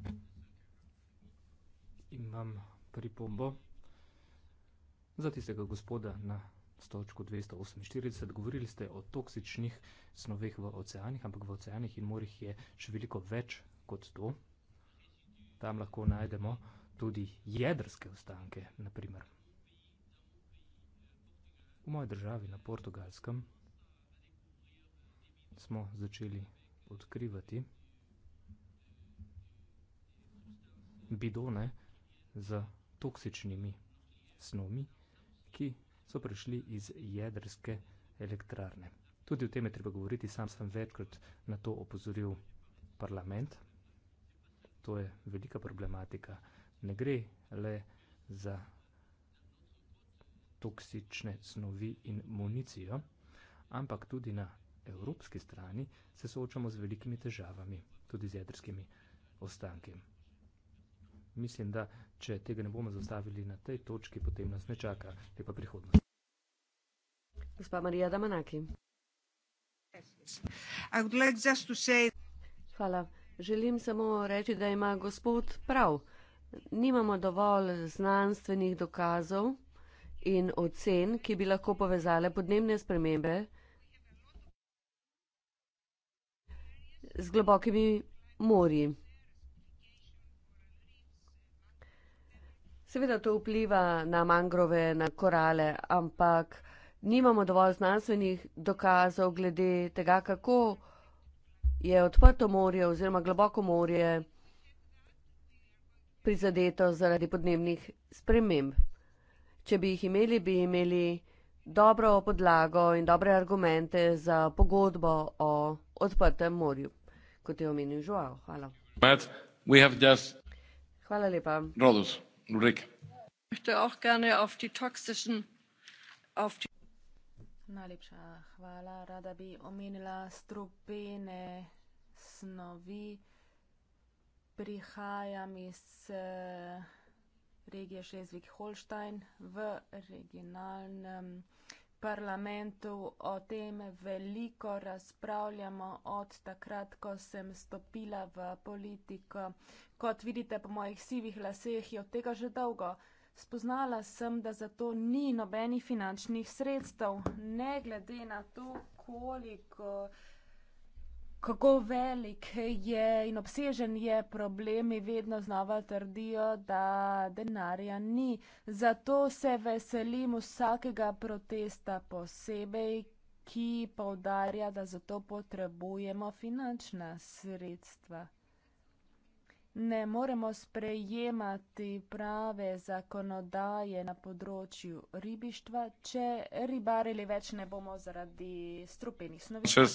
Imam pripombo za tistega gospoda na stočku 248. Govorili ste o toksičnih snoveh v oceanih, ampak v oceanih in morjih je še veliko več kot to. Tam lahko najdemo tudi jedrske ostanke, naprimer. V moji državi na Portugalskem smo začeli odkrivati bidone z toksičnimi snovmi, ki so prišli iz jedrske elektrarne. Tudi o tem je treba govoriti, sam sem večkrat na to opozoril parlament. To je velika problematika. Ne gre le za toksične snovi in municijo, ampak tudi na evropski strani se soočamo z velikimi težavami, tudi z jedrskimi ostanki. Mislim, da če tega ne bomo zastavili na tej točki, potem nas ne čaka lepa prihodnost. Gospa Marija Damanaki. Hvala. Želim samo reči, da ima gospod prav. Nimamo dovolj znanstvenih dokazov in ocen, ki bi lahko povezale podnebne spremembe z globokimi morji. Seveda to vpliva na mangrove, na korale, ampak nimamo dovolj znanstvenih dokazov glede tega, kako je odprto morje oziroma globoko morje prizadeto zaradi podnebnih sprememb. Če bi jih imeli, bi imeli dobro podlago in dobre argumente za pogodbo o odprtem morju kot je omenil Žoal. Hvala. Hvala lepa. Rodus, Najlepša hvala. Rada bi omenila strupene snovi. Prihajam iz eh, regije Šlezvik-Holstein v regionalnem. Um, parlamentu o tem veliko razpravljamo od takrat, ko sem stopila v politiko. Kot vidite po mojih sivih laseh je od tega že dolgo. Spoznala sem, da za to ni nobenih finančnih sredstev, ne glede na to, koliko kako velik je in obsežen je problem, vedno znova trdijo, da denarja ni. Zato se veselim vsakega protesta posebej, ki povdarja, da zato potrebujemo finančna sredstva ne moremo sprejemati prave zakonodaje na področju ribištva, če ribarili več ne bomo zaradi strupenih snovi.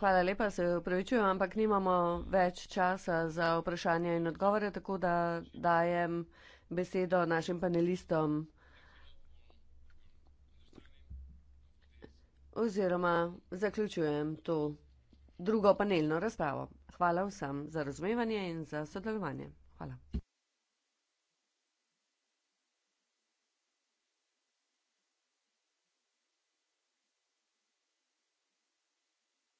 Hvala lepa, se upravičujem, ampak nimamo več časa za vprašanja in odgovore, tako da dajem besedo našim panelistom. Oziroma zaključujem to drugo panelno razpravo. Hvala vsem za razumevanje in za sodelovanje. Hvala.